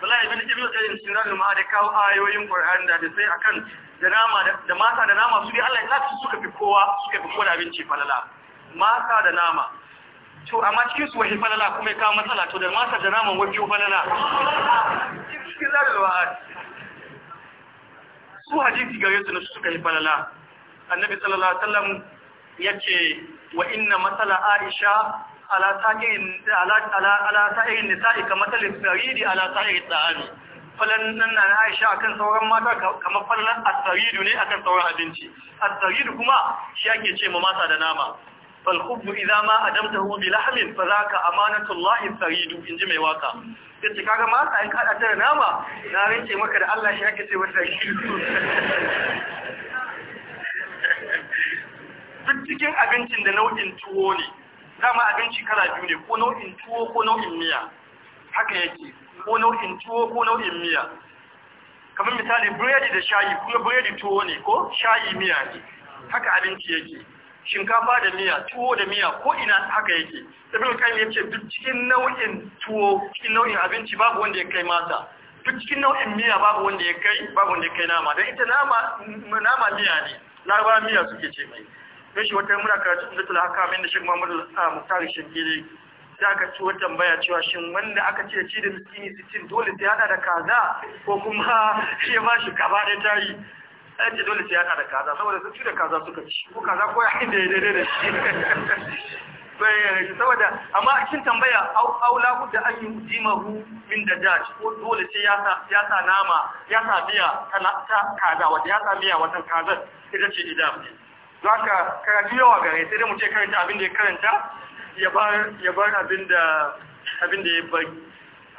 wallahi ibn ibn qayyim cikin zadul ma'ad ya kawo ayoyin qur'ani da sai akan da nama da mata da nama su dai Allah ya su suka fi kowa suka fi kowa abinci falala mata da nama to amma cikin su wahi falala kuma ya kawo matsala to da masa da naman wajen falala cikin zarar wa'ad su hadisi gare su na su suka yi falala annabi sallallahu alaihi wasallam yace wa inna matsala aisha ala sa'irin ala ala sa'irin nisa'i ka matsalin saridi ala sa'irin tsa'ami falan nan na Aisha akan sauran mata kamar falan asaridu ne akan sauran abinci Asaridu kuma shi ake ce ma mata da nama فالخبز إذا ما أدمته بلحم فذاك أمانة الله الثريد إن جمع واقع yace kaga ma ka kada ta nama na rinke maka da Allah shi yake ce wata shi duk cikin abincin da nau'in tuwo ne dama abinci kala biyu ne ko nau'in tuwo ko nau'in miya haka yake ko nau'in tuwo ko nau'in miya kamar misali biredi da shayi kuma biredi tuwo ne ko shayi miya ne haka abinci yake shinkafa da miya tuwo da miya ko ina haka yake ibn qayyim yace duk cikin nau'in tuwo cikin nau'in abinci babu wanda ya kai mata duk cikin nau'in miya babu wanda ya kai babu wanda ya kai nama dan ita nama nama miya ne laraba miya suke ce mai don shi wata muna karatu da tula haka min da shi ah, tare shi gidi Da aka ci wata tambaya cewa shin wanda aka ce ci da miskini 60 dole sai hada da kaza ko kuma shi ba shi kaba da tayi ɗan ji dole sai ya da kaza saboda sun ci da kaza suka ci ko kaza ko ya da ya daidai da shi saboda amma a cikin tambaya aula budda an yi jimahu min da jaj ko dole ce ya sa nama ya sa miya ta kaza wata ya sa miya wata kazan ita ce idam za ka karatu yawa gare sai dai mu ce karanta abin da ya karanta ya bar abin da ya bari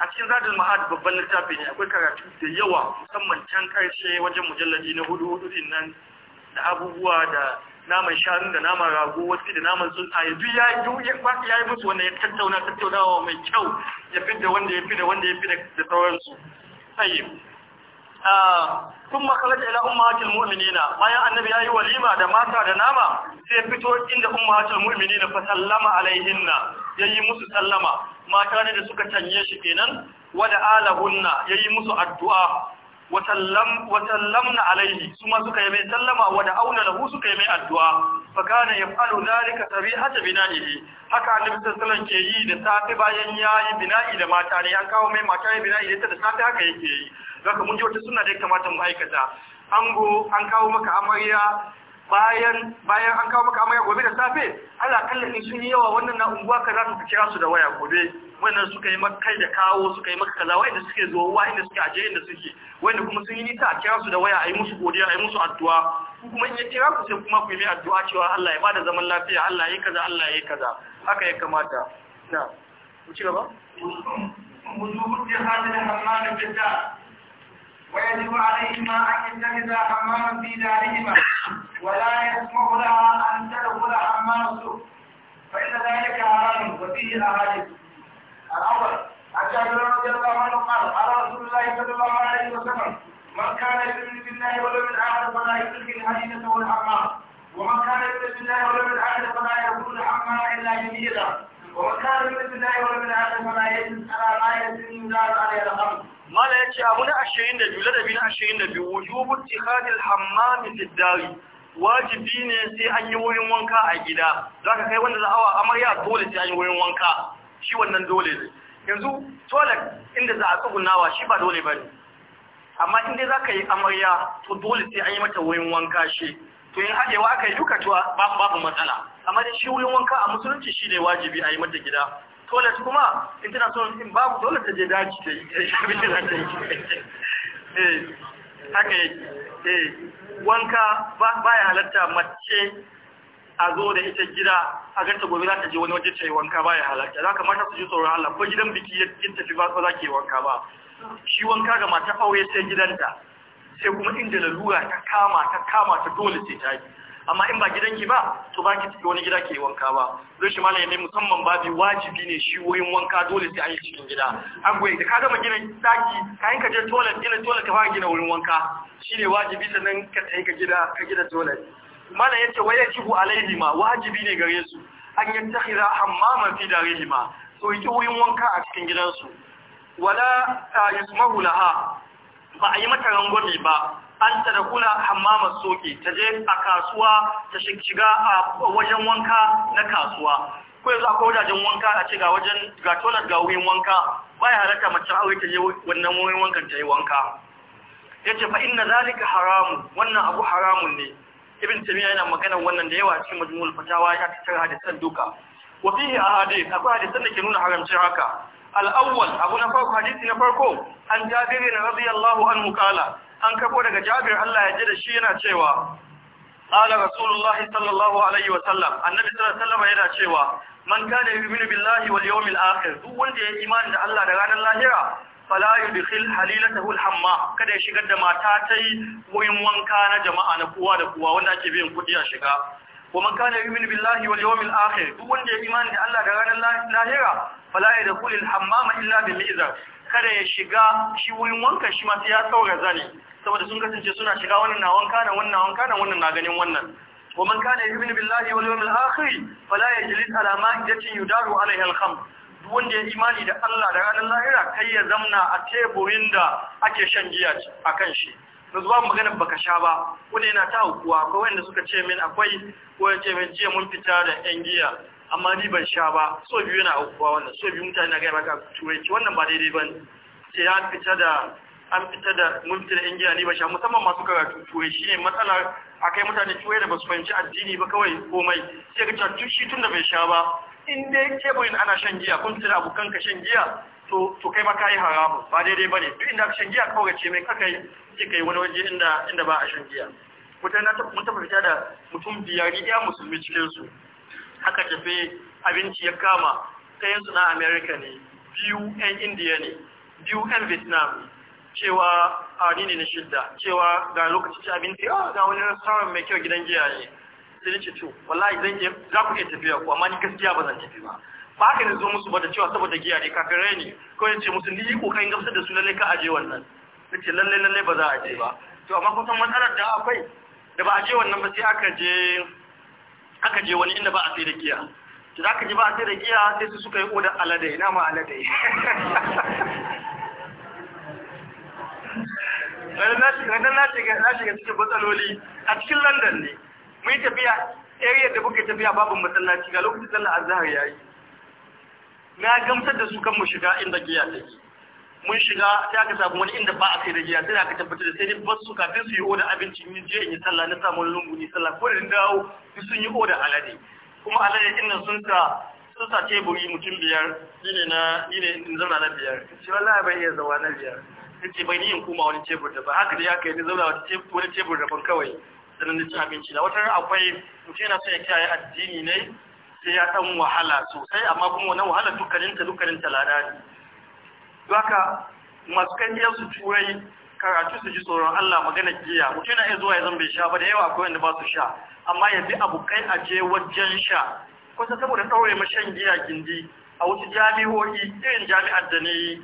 a cikin zadin mahad babban littafi ne akwai karatu da yawa musamman can karshe wajen mujallaji na hudu hudu din nan da abubuwa da naman shanu da naman rago wasu da naman tsuntsaye duk ya yi ya yi musu wanda ya tattauna tattaunawa mai kyau ya fi da wanda ya fi da wanda ya fi da sauransu sai kun ah, makalaja ila ummatul mu'minina bayan annabi yayi walima da mata da nama sai fito inda ummatul mu'minina fa sallama alaihinna ya yi musu sallama mata ne da suka canye shi kenan wada alahunna yayi musu addu'a wa sallam alaihi su alaihi suka yi mai sallama wada auna lahu suka yi mai addu'a fa kana yaf'alu dhalika sabihata bina'ihi haka annabi salon ke yi da safi bayan yayi bina'i da mata ne an kawo mai mata yi bina'i da safe haka yake yi zaka mun ji wata suna da ya kamata mu aikata ango an kawo maka amarya bayan bayan an kawo maka amarya gobe da safe Allah kalla in sun yi yawa wannan na unguwa ka za ka kira su da waya gobe wannan suka yi maka kai da kawo suka yi maka kaza wanda suke zuwa inda suke aje inda suke wanda kuma sun yi nisa a kira su da waya ayi musu godiya ayi musu addu'a kuma in ya kira ku sai kuma ku yi addu'a cewa Allah ya bada zaman lafiya Allah ya kaza Allah ya kaza haka ya kamata na ku ci gaba wujuhu jihadin da ta ويجب عليهما أن يتخذا حماما في دارهما ولا يسمح لها أن تدخل حمام السوق فإن ذلك حرام وفيه أحاديث الأول عن جابر رضي الله عنه قال قال رسول الله صلى الله عليه وسلم من كان يؤمن بالله ولم من فلا يدخل حديثه الحمام ومن كان يؤمن بالله ولم من فلا يدخل الحمام إلا جميلا ومن كان يؤمن بالله ولم من فلا يجلس على ما يسمى يدار عليه الخمر mala ya ce abu na ashirin da biyu ladabi na ashirin da biyu wujubun tihadil hammami fiddari wajibi ne sai an yi wurin wanka a gida za ka kai wanda za'awa amarya dole sai an yi wurin wanka shi wannan dole ne yanzu toilet inda za a tsugunawa shi ba dole ba ne amma inda za ka yi amarya to dole sai an yi mata wurin wanka shi to yin haɗewa aka yi duka to babu matsala amma shi wurin wanka a musulunci shi ne wajibi a yi mata gida toilet kuma in so in babu toilet ta je daji ta yi da ta yi eh, haka yake eh wanka baya halatta mace a zo da ita gida a ganta gobe za ta je wani waje ta yi wanka ya halatta za ka mata su ji tsoron Allah ko gidan biki ya kin tafi ba za ki yi wanka ba shi wanka ga mata aure sai gidanta sai kuma inda lalura ta kama ta kama ta dole sai ta yi amma in ba gidanki ba to ba ki tafi wani gida ke wanka ba zai shi malaye ne musamman bi wajibi ne shi wurin wanka dole sai an yi cikin gida an goyi da ka gama gina daki kayan ka je toilet gina toilet ka fara gina wurin wanka shi ne wajibi sannan ka tsaye ka gida ka gida toilet mana yace wa yajibu alaihi ma wajibi ne gare su an yattakhira hammama fi darihi ma so yi wurin wanka a cikin gidansu wala yusmahu laha ba a yi mata rangwami ba an ta da kula hammama soke ta je a kasuwa ta shiga a wajen wanka na kasuwa ko yanzu akwai wajajen wanka a ce ga wajen ga toilet ga wurin wanka baya halatta mace aure ta je wannan wurin wankan ta yi wanka yace fa inna zalika haramu wannan abu haramun ne ibn tamiya yana magana wannan da yawa cikin majmu'ul fatawa ya tattara hadisan duka wa fihi ahadith akwai hadisan da ke nuna haramcin haka al'awwal abu na farko hadisi na farko an jabirin radiyallahu anhu kala an kafo daga jabir Allah ya ji da shi yana cewa qala rasulullah sallallahu alaihi wa sallam annabi sallallahu alaihi wa sallam yana cewa man kana yu'minu billahi wal yawmil akhir duk wanda ya imani da Allah da ranar lahira fala yudkhil halilatahu hamma kada ya shigar da mata tai wurin wanka na jama'a na kowa da kowa wanda ake biyan kudi a shiga wa man kana yu'minu billahi wal yawmil akhir duk wanda ya imani da Allah da ranar lahira fala yadkhulu al hammama illa bil mizar kada ya shiga shi wurin wanka shi ma sai ya saura zani saboda sun kasance suna shiga wannan na wanka na wannan wanka na wannan na ganin wannan wa man kana yu'minu billahi wal yawmil akhir fala yajlis ala ma'idatin yudaru alaiha al khamr wanda ya imani da Allah da ranar lahira kai ya zamna a teburin da ake shan giya a kan shi yanzu ba magana baka sha ba wanda yana ta hukuwa akwai wanda suka ce min akwai ko ya ce min jiya mun fita da yan giya amma ni ban sha ba so biyu yana hukuwa wannan so biyu mutane na gaya maka turanci wannan ba daidai bane sai ya fita da an fita da mun fita da yan giya ni ban sha musamman masu karatu turai shine matsalar akai mutane turai da basu fahimci addini ba kawai komai sai ka ce shi tun da bai sha ba in dai keburin ana shan giya kun tsira abokan ka shan giya to kai ma yi haramu ba daidai bane duk inda ka shan giya kawai ce mai kaka yi kai wani waje inda inda ba a shan giya mutane na mun tafi fita da mutum biyar ya musulmi cikin su haka tafi abinci ya kama ɗayan su na America ne biyu ɗan India ne biyu ɗan Vietnam cewa a ni ne na shidda cewa ga lokaci ci abinci a ah, ga wani restaurant mai kyau gidan giya ne sai ce to wallahi zan za ku iya tafiya ku amma ni gaskiya ba zan tafi ba ba ka ne zo musu ba da cewa saboda giya ne kafirai ne ko yace musu ni yi kokarin gamsar da su lalle ka aje wannan nace lalle lalle ba za a je ba to amma kusan matsalar da akwai da ba a je wannan ba sai aka je aka je wani inda ba a sai da giya to zaka ji ba a sai da giya sai su suka yi oda alade ina ma alade Rannan na shiga cikin matsaloli a cikin London ne, mun yi tafiya, ariyar da muka tafiya babu masallaci ga lokacin sallar azhar yayi. na gamsar da su kan mu shiga inda giya ta yi mun shiga sai aka samu wani inda ba a sai da giya sai aka tabbatar da sai dai bas su kafin su yi oda abinci ni je in yi sallah na samu lungu ni sallah ko da dawo sun yi oda alade kuma alade din nan sun ta sun sa teburi mutum biyar ni ne na ni ne in zauna na biyar shi wallahi bai iya zawa na biyar ce bai ni in koma wani tebur da ba haka da ya kai ni zauna wani tebur da ban kawai sanan ni ci abinci na wata akwai mutum yana son ya kiyaye addini ne sai ya ɗan wahala sosai amma kuma wani wahala dukkaninta dukkaninta lada ne haka masu kaifiyar su turai karatu su ji tsoron Allah magana giya mutum na iya zuwa ya zan bai sha ba da yawa akwai wanda ba su sha amma ya bi kai a je wajen sha kusa saboda ɗaure mashan giya gindi a wasu jami'o'i irin jami'ar da ne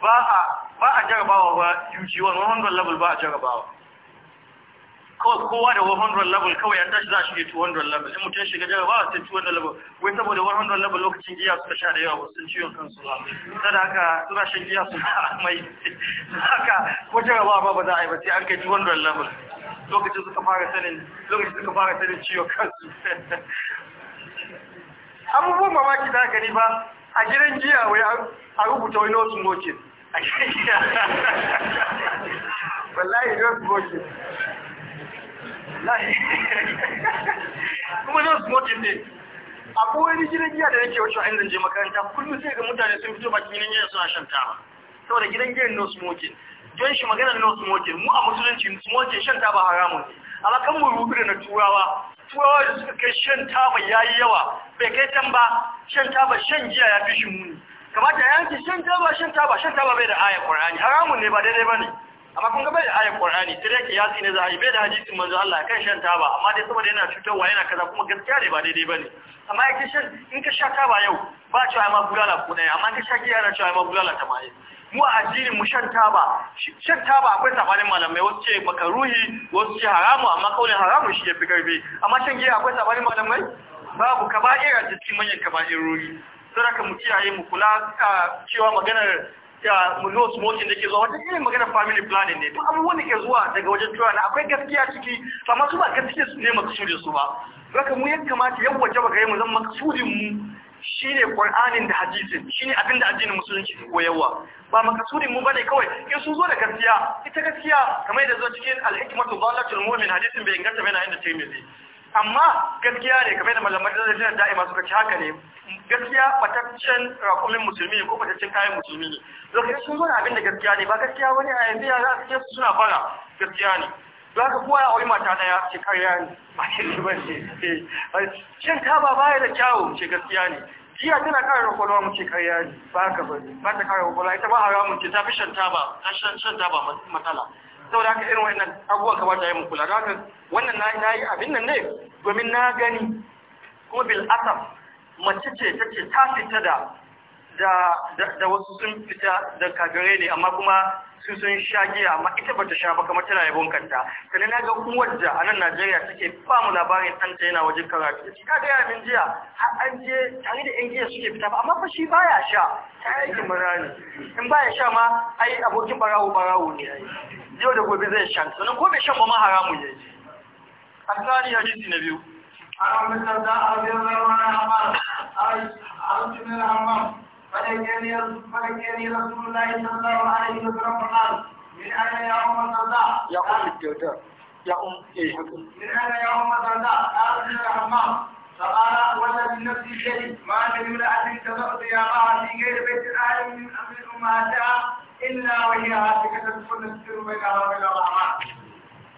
ba a jarabawa ba UG1 100 level ba a jarabawa kowa da 100 level kawai ya tashi za a shiga 200 level in mutum shiga jarabawa sai 200 level wai saboda 100 level lokacin giya suka sha da yawa sun ciwon kansu ba ta da haka suna shan giya suna mai haka ko jawa ba ba za a yi ba sai an kai 200 level lokacin suka fara sanin lokacin suka fara sanin ciwon kansu abubuwan mamaki da gani ba a gidan giya wai a rubuta wani wasu mokin a gidan giya wallahi wasu mokin kuma zan motin ne kowai wani gidan giya da nake a inda je makaranta kullum sai ga mutane sun fito bakin gidan yin suna shan taba saboda gidan giyan no smoking don shi maganar no smoking mu a musulunci smoking shan taba haramun ne amma kan mu rubu da na turawa turawa da suka kai shan taba yayi yawa bai kai tan ba shan taba shan giya ya fi shi muni kamata yanki shan taba shan taba shan taba bai da ayyukan qur'ani haramun ne ba daidai bane amma kun ga bai da ayar Qur'ani sai yake yasi ne za a yi bai da hadisin manzo Allah kan shan taba amma dai saboda yana cutarwa yana kaza kuma gaskiya ne ba daidai bane amma yake shan in ka sha taba yau ba cewa ma bulala ko dai amma ka sha giya yana cewa ma bulala ta mai mu a addinin mu shan taba shan taba akwai sabanin malamai wasu ce makaruhi wasu ce haramu amma kaulin haramu shi ya fi karfi amma shan giya akwai sabanin malamai babu ba'ira da cikin manyan kaba'irori sai ka mu kiyaye mu kula ah, cewa maganar mulo smoking da ke zuwa wata irin maganar family planning ne duk abubuwan da ke zuwa daga wajen tura na akwai gaskiya ciki amma su ba gaskiya su ne makasudin su ba haka mu ya kamata yau waje baka yi mu zama makasudin mu shine Qur'anin da hadisin shine abin da addinin musulunci ke koyarwa ba makasudin mu bane kawai in sun zo da gaskiya ita gaskiya kamar yadda zo cikin al-hikmatu dhallatul mu'min hadisin bai inganta bane inda Tirmidhi amma gaskiya ne kamar da malamai da zai da'ima suka ci haka ne gaskiya fataccen rakumin musulmi ne ko fataccen kayan musulmi ne lokacin sun zo abin da gaskiya ne ba gaskiya wani a yanzu za su ce suna fara gaskiya ne za ka kuwa ya auri mata ya ce kariya ne ba ce eh. ba ce shan taba baya da kyawu ce gaskiya ne jiya tana kara kwakwalwa mu ce kariya ne ba ka ba ta kara kwakwalwa ita ba haramun ce ta fi shan taba ta shan taba matsala saboda haka irin wannan abubuwan kamata yi mu kula da haka wannan na yi abin nan ne domin na gani kuma bil asaf mace ce take ta fita da da wasu sun fita da kagare ne amma kuma su sun sha giya amma ita bata sha ba kamar tana yabon kanta sannan na ga kuma wadda a nan Najeriya take ba mu labarin ɗanta yana wajen karatu Ka shi kaga min jiya har an je tare da yan giya suke fita ba amma fa shi baya sha ta yi marani in baya sha ma ai abokin barawo barawo ne ai yau da gobe zai sha sannan ko bai sha ba ma A ne ya ji na biyu a amince da abin rawa na hamar an tunar hamar فلكني رسول الله صلى الله عليه وسلم قال من أنا يا أم الدرداء يا أم الدرداء يا أم إيه من أنا يا أم الدرداء أرض الحمام فقال والذي نفسي بيدي ما من امرأة تضغط يا في غير بيت أهل من أمر أمهاتها إلا وهي هاتكة تكون السر بينها وبين الرحمن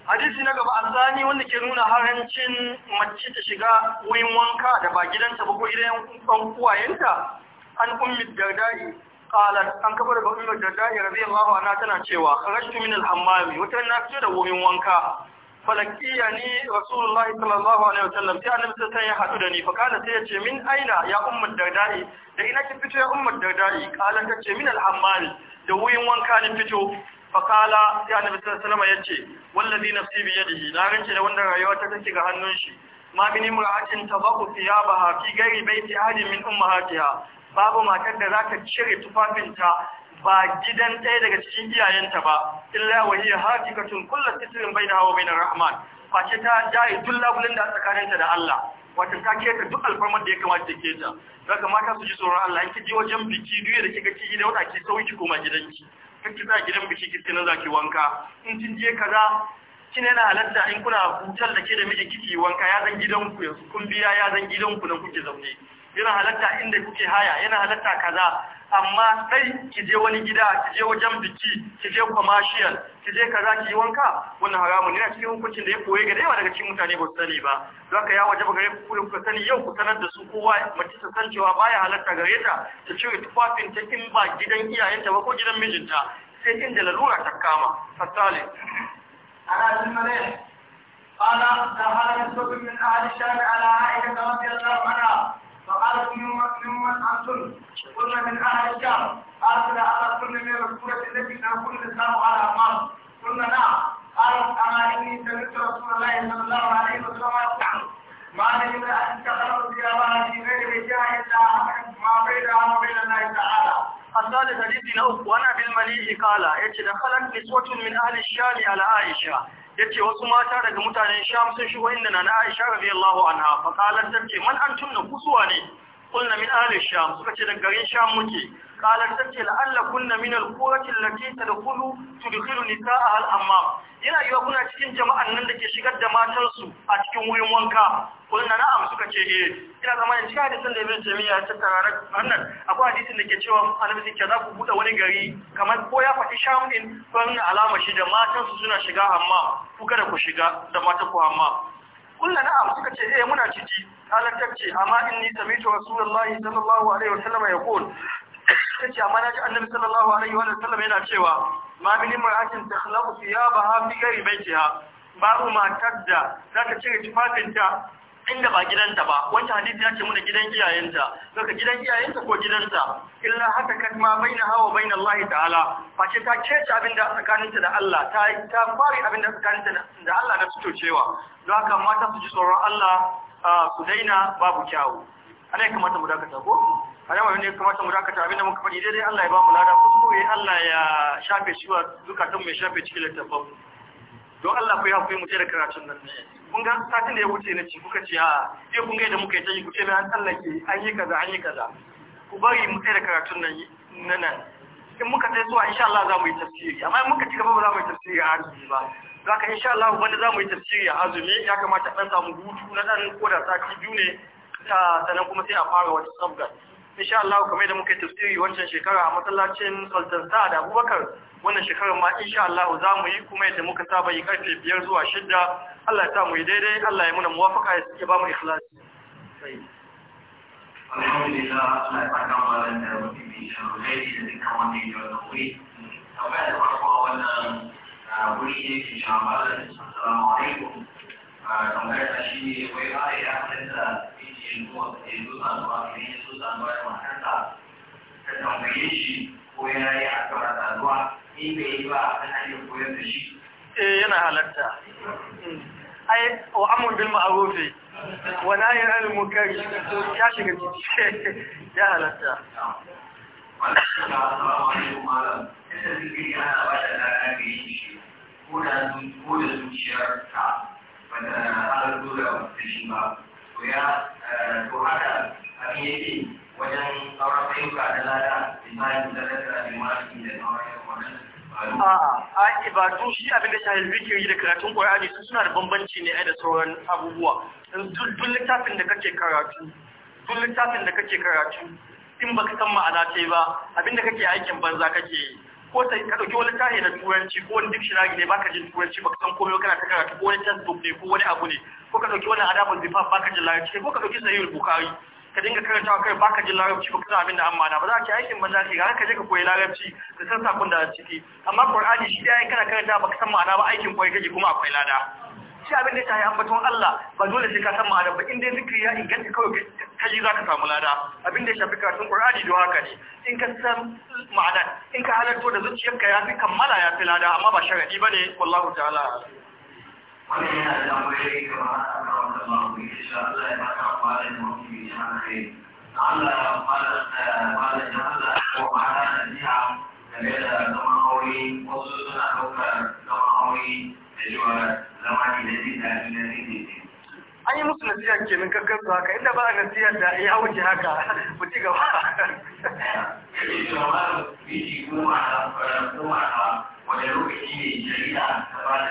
hadisi na gaba azani wanda ke nuna harancin mace ta shiga wurin wanka da ba gidanta ba ko gidan ɗan uwayenta an ummi dardai qalat an kafa daga ummi dardai radiyallahu anha tana cewa kharajtu min al-hammami wata na fito da wurin wanka falakiyani rasulullahi sallallahu alaihi wasallam sai annabi sai ya hadu da ni fa kana sai ya ce min aina ya ummu dardai da ina ki fito ya ummu dardai qalat ta ce min al-hammami da wurin wanka ni fito fakala ya annabi sallallahu alaihi yace wallazi nafsi bi yadihi na rance da wanda rayuwa ta take ga hannun shi ma min imra'atin tabaqu thiyabaha fi ghairi baiti ahadin min ummahatiha babu matar da za ta cire tufafinta ba gidan ɗaya daga cikin iyayenta ba illa wa kulla hakikatun bai da hawa bai na rahman face ta jaye tun labulin da tsakaninta da Allah wata ta keta duk alfarmar da ya kamata ta keta za ka mata su ji tsoron Allah in ki ji wajen biki duk da kika ki da wata ki koma gidanki ki za gidan biki ki za zaki wanka in kin je kaza kina yana halatta in kuna hutar da ke da mijin kiki wanka ya zan gidanku yanzu kun biya ya zan gidanku nan kuke zaune yana halatta inda kuke haya yana halatta kaza amma sai ki je wani gida ki je wajen biki ki je commercial ki je kaza ki yi wanka wannan haramun ne a cikin hukuncin da ya koyi ga daga cikin mutane ba su sani ba zaka ya waje gare ku sani yau ku sanar da su kowa mace ta san cewa baya halatta gare ta ta cire tufafin ta in ba gidan iyayenta ba ko gidan mijinta sai inda lalura ta kama fasali ana jin mare قال دخل نسبة من أهل الشام على عائشة رضي الله عنها فقال ابن مسلم من أنتم قلنا من أهل الشام قال على كل من الكرة التي تقول الإسلام على أمام قلنا نعم قالت أما إني سمعت رسول الله صلى الله عليه وسلم يقول ما نجد أن تخلق زيارة في غير رجاء إلا ما بينها وبين الله تعالى الثالث حديث نوف وانا بالمليء قال اتدخلت نسوة من أهل الشام على عائشة ya ce wasu mata daga mutanen sham sun shigo inda na aisha rabi anha fakalar ta ce man an tunna ne kulna min ahli sham suka ce daga garin sham muke قالت تتي لعلكن من da التي تدخل nisa a الأمام yana yiwa kuna cikin jama'an nan da ke shigar da matansu a cikin wurin wanka kullum na am suka ce eh ina zama yanzu hadisin da Ibn Taymiyyah ya tattara wannan akwai hadisin da ke cewa annabi ke za ku buɗe wani gari kamar ko ya faɗi sham din ko alama shi da matansu suna shiga amma ku kada ku shiga da matan ku amma kulla na'am suka ce muna ciki halattar ce amma inni sami'tu rasulullahi sallallahu alaihi wasallam yaqul kace amma naji annabi sallallahu alaihi wa sallam yana cewa ma min imra'atin takhlaqu thiyabaha fi ghairi baytiha bau matar da zaka cire tufafinta inda ba gidanta ba wancan hadisi ya ce muna gidan iyayenta daga gidan iyayenta ko gidanta illa haka kan ma baina hawa baina Allah ta'ala face ta kece abinda tsakaninta da Allah ta ta fari abinda tsakaninta da Allah na fito cewa don haka mata su ji tsoron Allah ah, su daina babu kyawu ana kamata mu dakata ko alama yawan ne kamata mu dakata abinda muka faɗi daidai Allah ya ba mu lada yayin Allah ya shafe shi wa zukatan mai shafe cikin littafin don Allah ku yi hankali mu da karatun nan kun ga satin da ya wuce na ci kuka ce a je kun ga da muka yi ta yi ku ce mai an tsallake an yi kaza an yi kaza ku bari mu da karatun nan na nan in muka tsaye zuwa insha Allah za mu yi tafsiri amma in muka ci gaba ba za mu yi tafsiri a azumi ba za ka insha Allah wanda za mu yi tafsiri a azumi ya kamata ɗan samu hutu na ɗan ko da sati biyu ne ta sannan kuma sai a fara wata sabgar insha Allah kamar da muka yi tafsiri wancan shekara a masallacin Sultan Sa'ad Abubakar wannan shekarar ma insha Allah za mu yi kuma yadda muka saba yi karfe biyar zuwa shidda Allah ya sa mu yi daidai Allah ya muna muwafaka ya ba mu ikhlasi Alhamdulillah Allah ya da da a ne da shi ne 引过引出上多，原因出上多往上涨，这种也许会来呀，干嘛的多？因为吧，它还有不愿的去。eh yana halarta ai wa amrun bil ma'ruf wa nahyun 'anil munkar to ya shiga ciki ya halarta assalamu alaikum malam idan kike yana ba da lafiya ne ko da ko da zuciyar ka ba da halar dole ba shi ba to ya to haka yake wajen sauran ayyuka da lada imani da lada imani da sauran A'a, a ibadun shi abin da shahil yi da karatun ƙwararri su suna da bambanci ne a da sauran abubuwa. Duk littafin da kake karatu, duk littafin da kake karatu, in ba ka san ma'ana ce ba, abin da kake aikin banza kake yi. ko ta ka dauki wani tahe da turanci ko wani dictionary ne ka jin turanci ba ka san komai kana ta karatu ko wani textbook ne ko wani abu ne ko ka dauki wannan adabul zifaf baka jin larabci ko ka dauki sahihul bukhari ka dinga karantawa kai baka jin larabci ba kana abin da an mana ba za ka aikin banza ka ga ka je ka koyi larabci ka san sakon da ciki amma qur'ani shi dai kana karanta baka san ma'ana ba aikin koyi kake kuma akwai lada shi abin da ta yi ambaton Allah ba dole sai ka san ma'ana ba inda zikri ya inganta kawai ka yi za ka samu lada abin da ya shafi karatun Qur'ani don haka ne in ka san ma'ana in ka halarto da zuciyarka ya fi kammala ya fi lada amma ba sharadi bane wallahu ta'ala ومن هذا الأمر أكرمت الله به إن شاء الله يبقى قال المؤمن في جهنم قال قال قال جهنم الذي لا إله إلا an yi musu nasiya kenan kankan su haka inda ba a nasiya da ya wuce haka ku ci gaba ne ba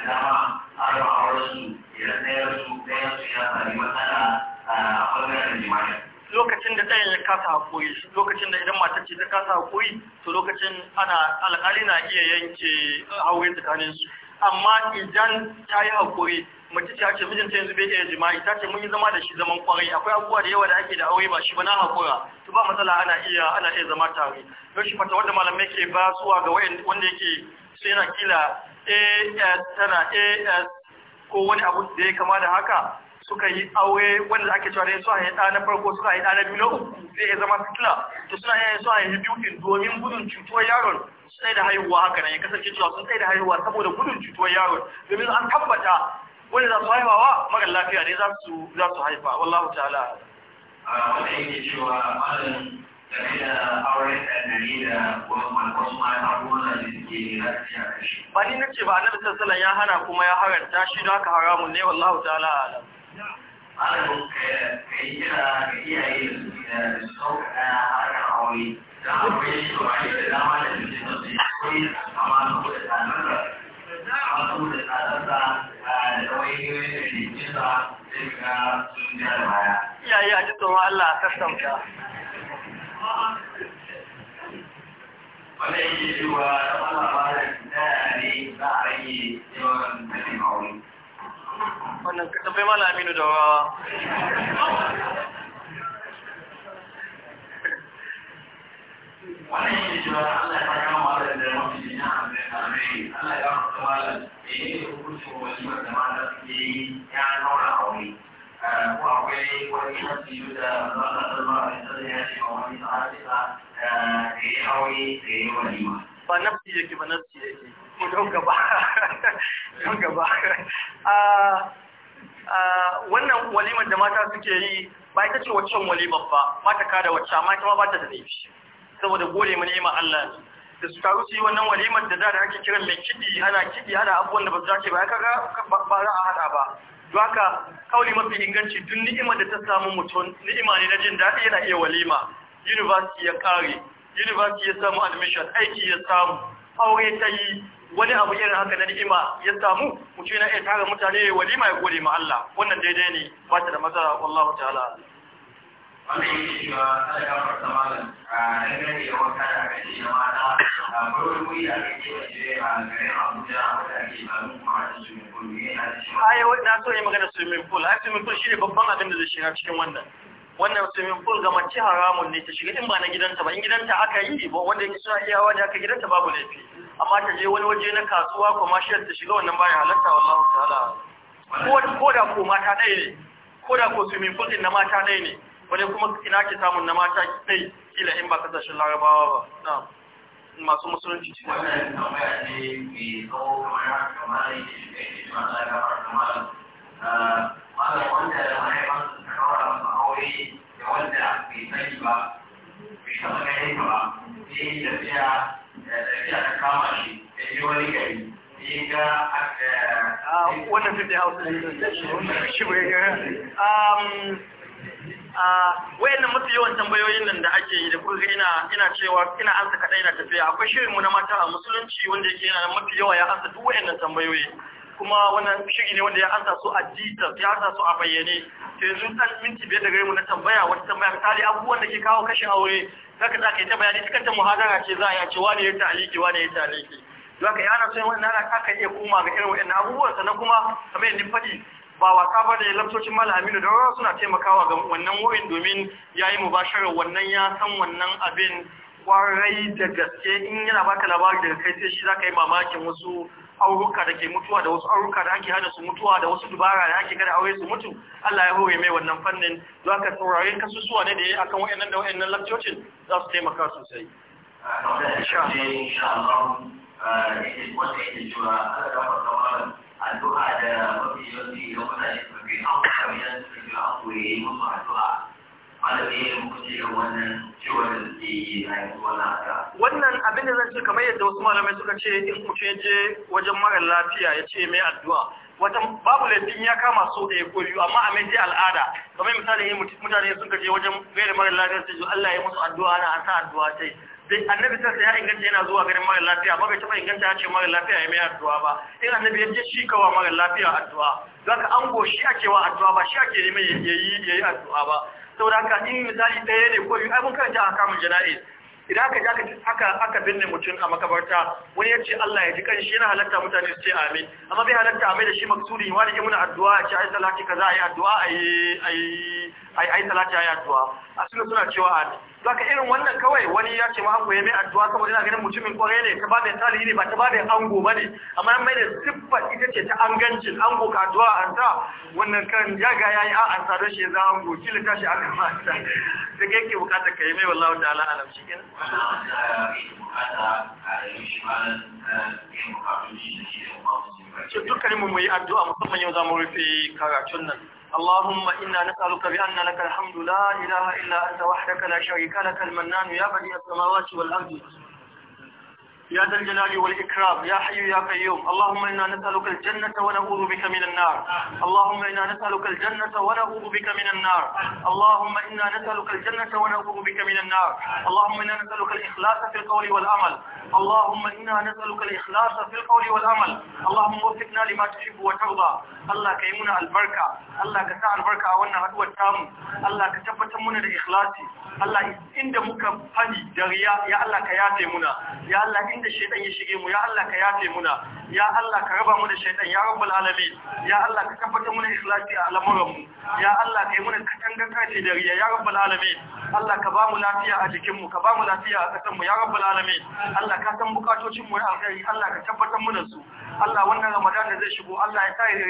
da a su idan ya matsala a jima'i lokacin da ɗayan ya kasa hakuri, lokacin da idan matar ce ta kasa hakuri, to lokacin ana alƙali na iya yanke haure tsakanin su amma idan ta yi hakuri. mace ta ce mijinta yanzu bai iya jima'i ta ce mun yi zama da shi zaman kwarai akwai abubuwa da yawa da ake da aure ba shi ba na hakura to ba matsala ana iya ana iya zama tare don shi fata wanda malamai ke ba suwa ga wanda yake su yana kila as tana as ko wani abu da ya kama da haka suka yi aure wanda ake cewa da su haihi ɗa na farko suka yi ɗa na biyu na uku zai iya zama fitila to suna yin su yi biyu ɗin domin gudun cutuwar yaron sai da haihuwa haka nan ya kasance cewa sun sai da haihuwa saboda gudun cutuwar yaron domin an tabbata wanda za su haifawa mara lafiya ne za su za su haifa wallahu ta'ala a wanda yake cewa malam game da auren ɗanɗani da wasu mata abubuwan da suke lafiya kashi ba ni na ce ba annabi sassalan ya hana kuma ya haranta shi don haka haramun ne wallahu ta'ala alam malam ka yi kira ga iyaye da su sauƙaƙa harkar aure don akwai shi ba da dama da mutum da su yi amma saboda tsanarsa amma saboda tsanarsa iyaye ji tsoron Allah a sassauta wanda yake cewa Allah da wannan ka mala aminu da wawa wannan yake cewa Allah ya kama da Allah ya kama da menene hukuncin walimar da mata suke yi ya aure ko akwai da a ya wani ya aure ya walima. ba na yake ba yake ko don gaba don gaba wannan walimar da mata suke yi ba ita ce waccan walimar ba ba ta kada wacce amma ita ma ba ta da laifi saboda gode mu ma Allah ne da su taru su yi wannan walimar da za da ake kiran mai kidi ana kidi ana abubuwan da ba su dace ba kaga ba za a hada ba don haka kauli mafi inganci tun ni'imar da ta samu mutum ni'ima ne na jin daɗi yana iya walima university ya kare university ya samu admission aiki ya samu aure ta yi wani abu irin haka na ni'ima ya samu mutum yana iya tara mutane walima ya gode ma Allah wannan daidai ne ba ta da matsala wallahu ta'ala Wannan yake cewa kada ka farta malam a dangane da wanka da aka ce na mata a farko kuyi da aka ce wa jire a garin abuja a wata ake zanen kuma a cikin swimming pool ne na cikin ai na so yi magana swimming pool A swimming pool shine babban abin da zai shiga cikin wannan wannan swimming pool ga mace haramun ne ta shiga in ba na gidanta ba in gidanta aka yi ba wanda yake suna iyawa ne aka gidanta babu laifi amma ta je wani waje na kasuwa commercial ta shiga wannan baya halatta wallahu ta'ala ko da ko mata ɗaya ne ko da ko swimming pool din na mata ɗaya ne wadai kuma ina ke samun na mata sai kila in ba ka kasashen larabawa ba na masu musulunci ce wannan tambaya ne mai tsawo kamar kamar yadda shi kai shi ma larabawa kamar malam wanda mahaifan ta kawara masa aure da wanda bai sani ba bai taɓa ganin ka ba sai ya tafiya tafiya ta kama shi ya je wani gari sai ga ah, wannan fifty house shi bai ga um, wayannan mafi yawan tambayoyin nan da ake yi da kuka ina ina cewa ina ansa kadai ina tafiya akwai shirin mu na mata a musulunci wanda yake yana mafi yawa ya ansa duk wayannan tambayoyi kuma wannan shiri ne wanda ya ansa su a detail ya ansa su a bayyane to yanzu dan minti biyar da gare mu na tambaya wata tambaya misali abubuwan da ke kawo kashin aure zaka za ka yi ta bayani cikin muhadara ce za a yi wani ya taliki wani ya taliki zaka yi ana so yana aka iya koma ga irin wayannan abubuwan sannan kuma kamar yadda faɗi ba wasa ba da lamsocin mala aminu da rawa suna taimakawa ga wannan wurin domin ya yi mubasharar wannan ya san wannan abin kwarai da gaske in yana baka labari daga kai sai shi za ka yi mamakin wasu auruka da ke mutuwa da wasu auruka da ake hana su mutuwa da wasu dubara da ake kada aure su mutu Allah ya hore mai wannan fannin za ka saurari kasusuwa ne da ya akan wayannan da wayannan lakcocin za su taimaka sosai insha eh, da musu addu'a ne ya wannan ciwon wannan abin da zan ce kamar yadda wasu malamai suka ce in mutum ya je wajen mara lafiya ya ce mai addu'a wata babu laifin ya kama so da ya koyu amma a mai al'ada kamar misali mutane sun je wajen gaira mara lafiya su ji Allah ya musu addu'a na an sa addu'a ta yi sai annabi sai ya inganta yana zuwa ganin mara lafiya ba bai taba inganta ya ce mara lafiya ya mai addu'a ba in annabi ya je shi kawa mara lafiya addu'a zaka ango shi ake wa addu'a ba shi ake neman yayi yayi addu'a ba saboda haka in misali ɗaya ne ko ai mun karanta a kamun jana'iz idan aka jaka aka aka binne mutum a makabarta wani ya ce Allah ya ji kan shi yana halatta mutane su ce amin amma bai halatta amin da shi maksudi wani ya muna addu'a a ce ai salati kaza ai addu'a ai ai ai salati ai addu'a a suna suna cewa amin zaka irin wannan kawai wani ya ce ma ya mai addu'a saboda yana ganin mutumin kwarai ne ta bada talibi ne ba ta bada ango ba ne amma an mai da siffa ita ce ta angancin ango ka addu'a an sa wannan kan ya ga a an sa don shi za ango kila shi aka ta da kake bukata ka yi mai wallahi ta'ala alam shi kenan dukkanin mu mu yi addu'a musamman yau za mu rufe karatun nan اللهم إنا نسألك بأن لك الحمد لا إله إلا أنت وحدك لا شريك لك المنان يا بديع السماوات والأرض يا ذا الجلال والإكرام يا حي يا قيوم اللهم إنا نسألك الجنة ونعوذ بك من النار اللهم إنا نسألك الجنة ونعوذ بك من النار اللهم إنا نسألك الجنة ونعوذ بك من النار اللهم إنا نسألك الإخلاص في القول والعمل اللهم إنا نسألك الإخلاص في القول والعمل اللهم وفقنا لما تحب وترضى الله كيمنا البركة الله كسع البركة وانا هدوة تام الله كتبت منا لإخلاصي الله عند مكفني دريا يا الله كياتي منا يا الله عند الشيطان يشيقيم يا الله كياتي منا يا الله كربا منا الشيطان يا رب العالمين يا الله كتبت منا إخلاصي على مرم يا الله كيمنا كتنجا كاتي دريا يا رب العالمين الله كبام لاتيا أجكم كبام لاتيا أكتم يا رب العالمين الله Allah ka san bukatocin mu na alkhairi Allah ka tabbatar mu da su Allah wannan Ramadan da zai shigo Allah ya sa ya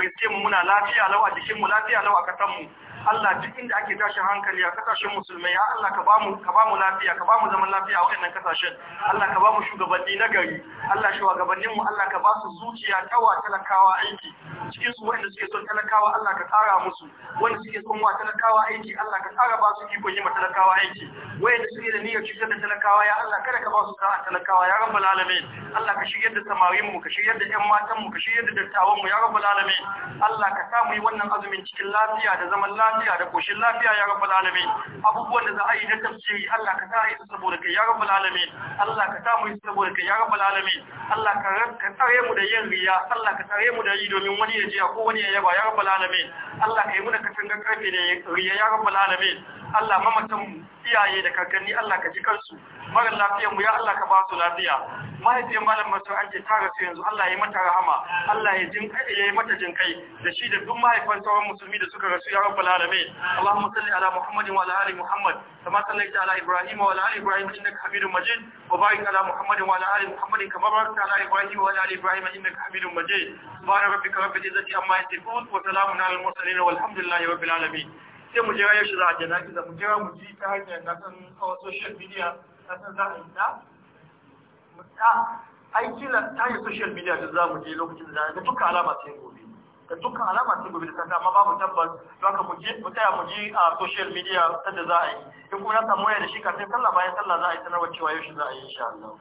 riske mu muna lafiya lau jikin mu lafiya lawa a kasan mu Allah duk inda ake tashin hankali a kasashen musulmai ya Allah ka bamu ka lafiya ka bamu zaman lafiya a wannan kasashen Allah ka bamu shugabanni na gari Allah shugabanninmu Allah ka ba su zuciya tawa talakawa aiki cikin su wanda suke son talakawa Allah ka tsara musu wanda suke son wa talakawa aiki Allah ka tsara ba su iko yi ma talakawa aiki wanda suke da niyyar cikin da talakawa ya Allah kada ka ba su sa'a talakawa ya rabbal alamin Allah ka shiryar da samarinmu, ka shiryar da 'yan matanmu, ka shiryar da dattawanmu ya rabbal alamin Allah ka sa mu yi wannan azumin cikin lafiya da zaman lafiya lafiya da koshin lafiya ya rabbal alamin abubuwan da za a yi na tafsiri Allah ka sa yi saboda kai ya rabbal alamin Allah ka sa mu yi saboda kai ya rabbal alamin Allah ka ka tsare mu da yin riya Allah ka tsare mu da yi domin wani ya ji ko wani ya yaba ya rabbal alamin Allah ka yi mu da katangar karfe da riya ya rabbal alamin Allah mamatan iyaye da kakanni Allah ka ji kansu mara lafiyar mu ya Allah ka ba su lafiya mahaifiyar malam masu an ce tara yanzu Allah ya yi mata rahama Allah ya jin kai ya yi mata jin kai da shi da duk mahaifan sauran musulmi da suka rasu ya rabbal alamin Allahumma salli ala Muhammad wa ala ali Muhammad kama sallaita ala Ibrahim wa ala ali Ibrahim innaka Hamidum Majid wa barik ala Muhammadin wa ala ali Muhammad kama barakta ala Ibrahim wa ala ali Ibrahim innaka Hamidum Majid subhana rabbika rabbil izzati amma yasifun wa salamun ala al mursalin walhamdulillahi rabbil alamin sai mu jira yaushe za a gida mu jira mu ji ta hanyar na san hawa social media na san za a yi ta ai kila ta yi social media da za mu je lokacin da ga dukkan alama sai gobe da dukkan alama sai gobe da kanta amma babu tabbas don ka mu je mu tsaya mu ji a social media ta da za a yi in kuma na samu waya da shi kafin sallah bayan sallah za a yi sanarwa cewa yaushe za a yi insha Allah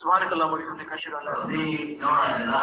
subhanakallahumma wa bihamdika ashhadu an la ilaha illa anta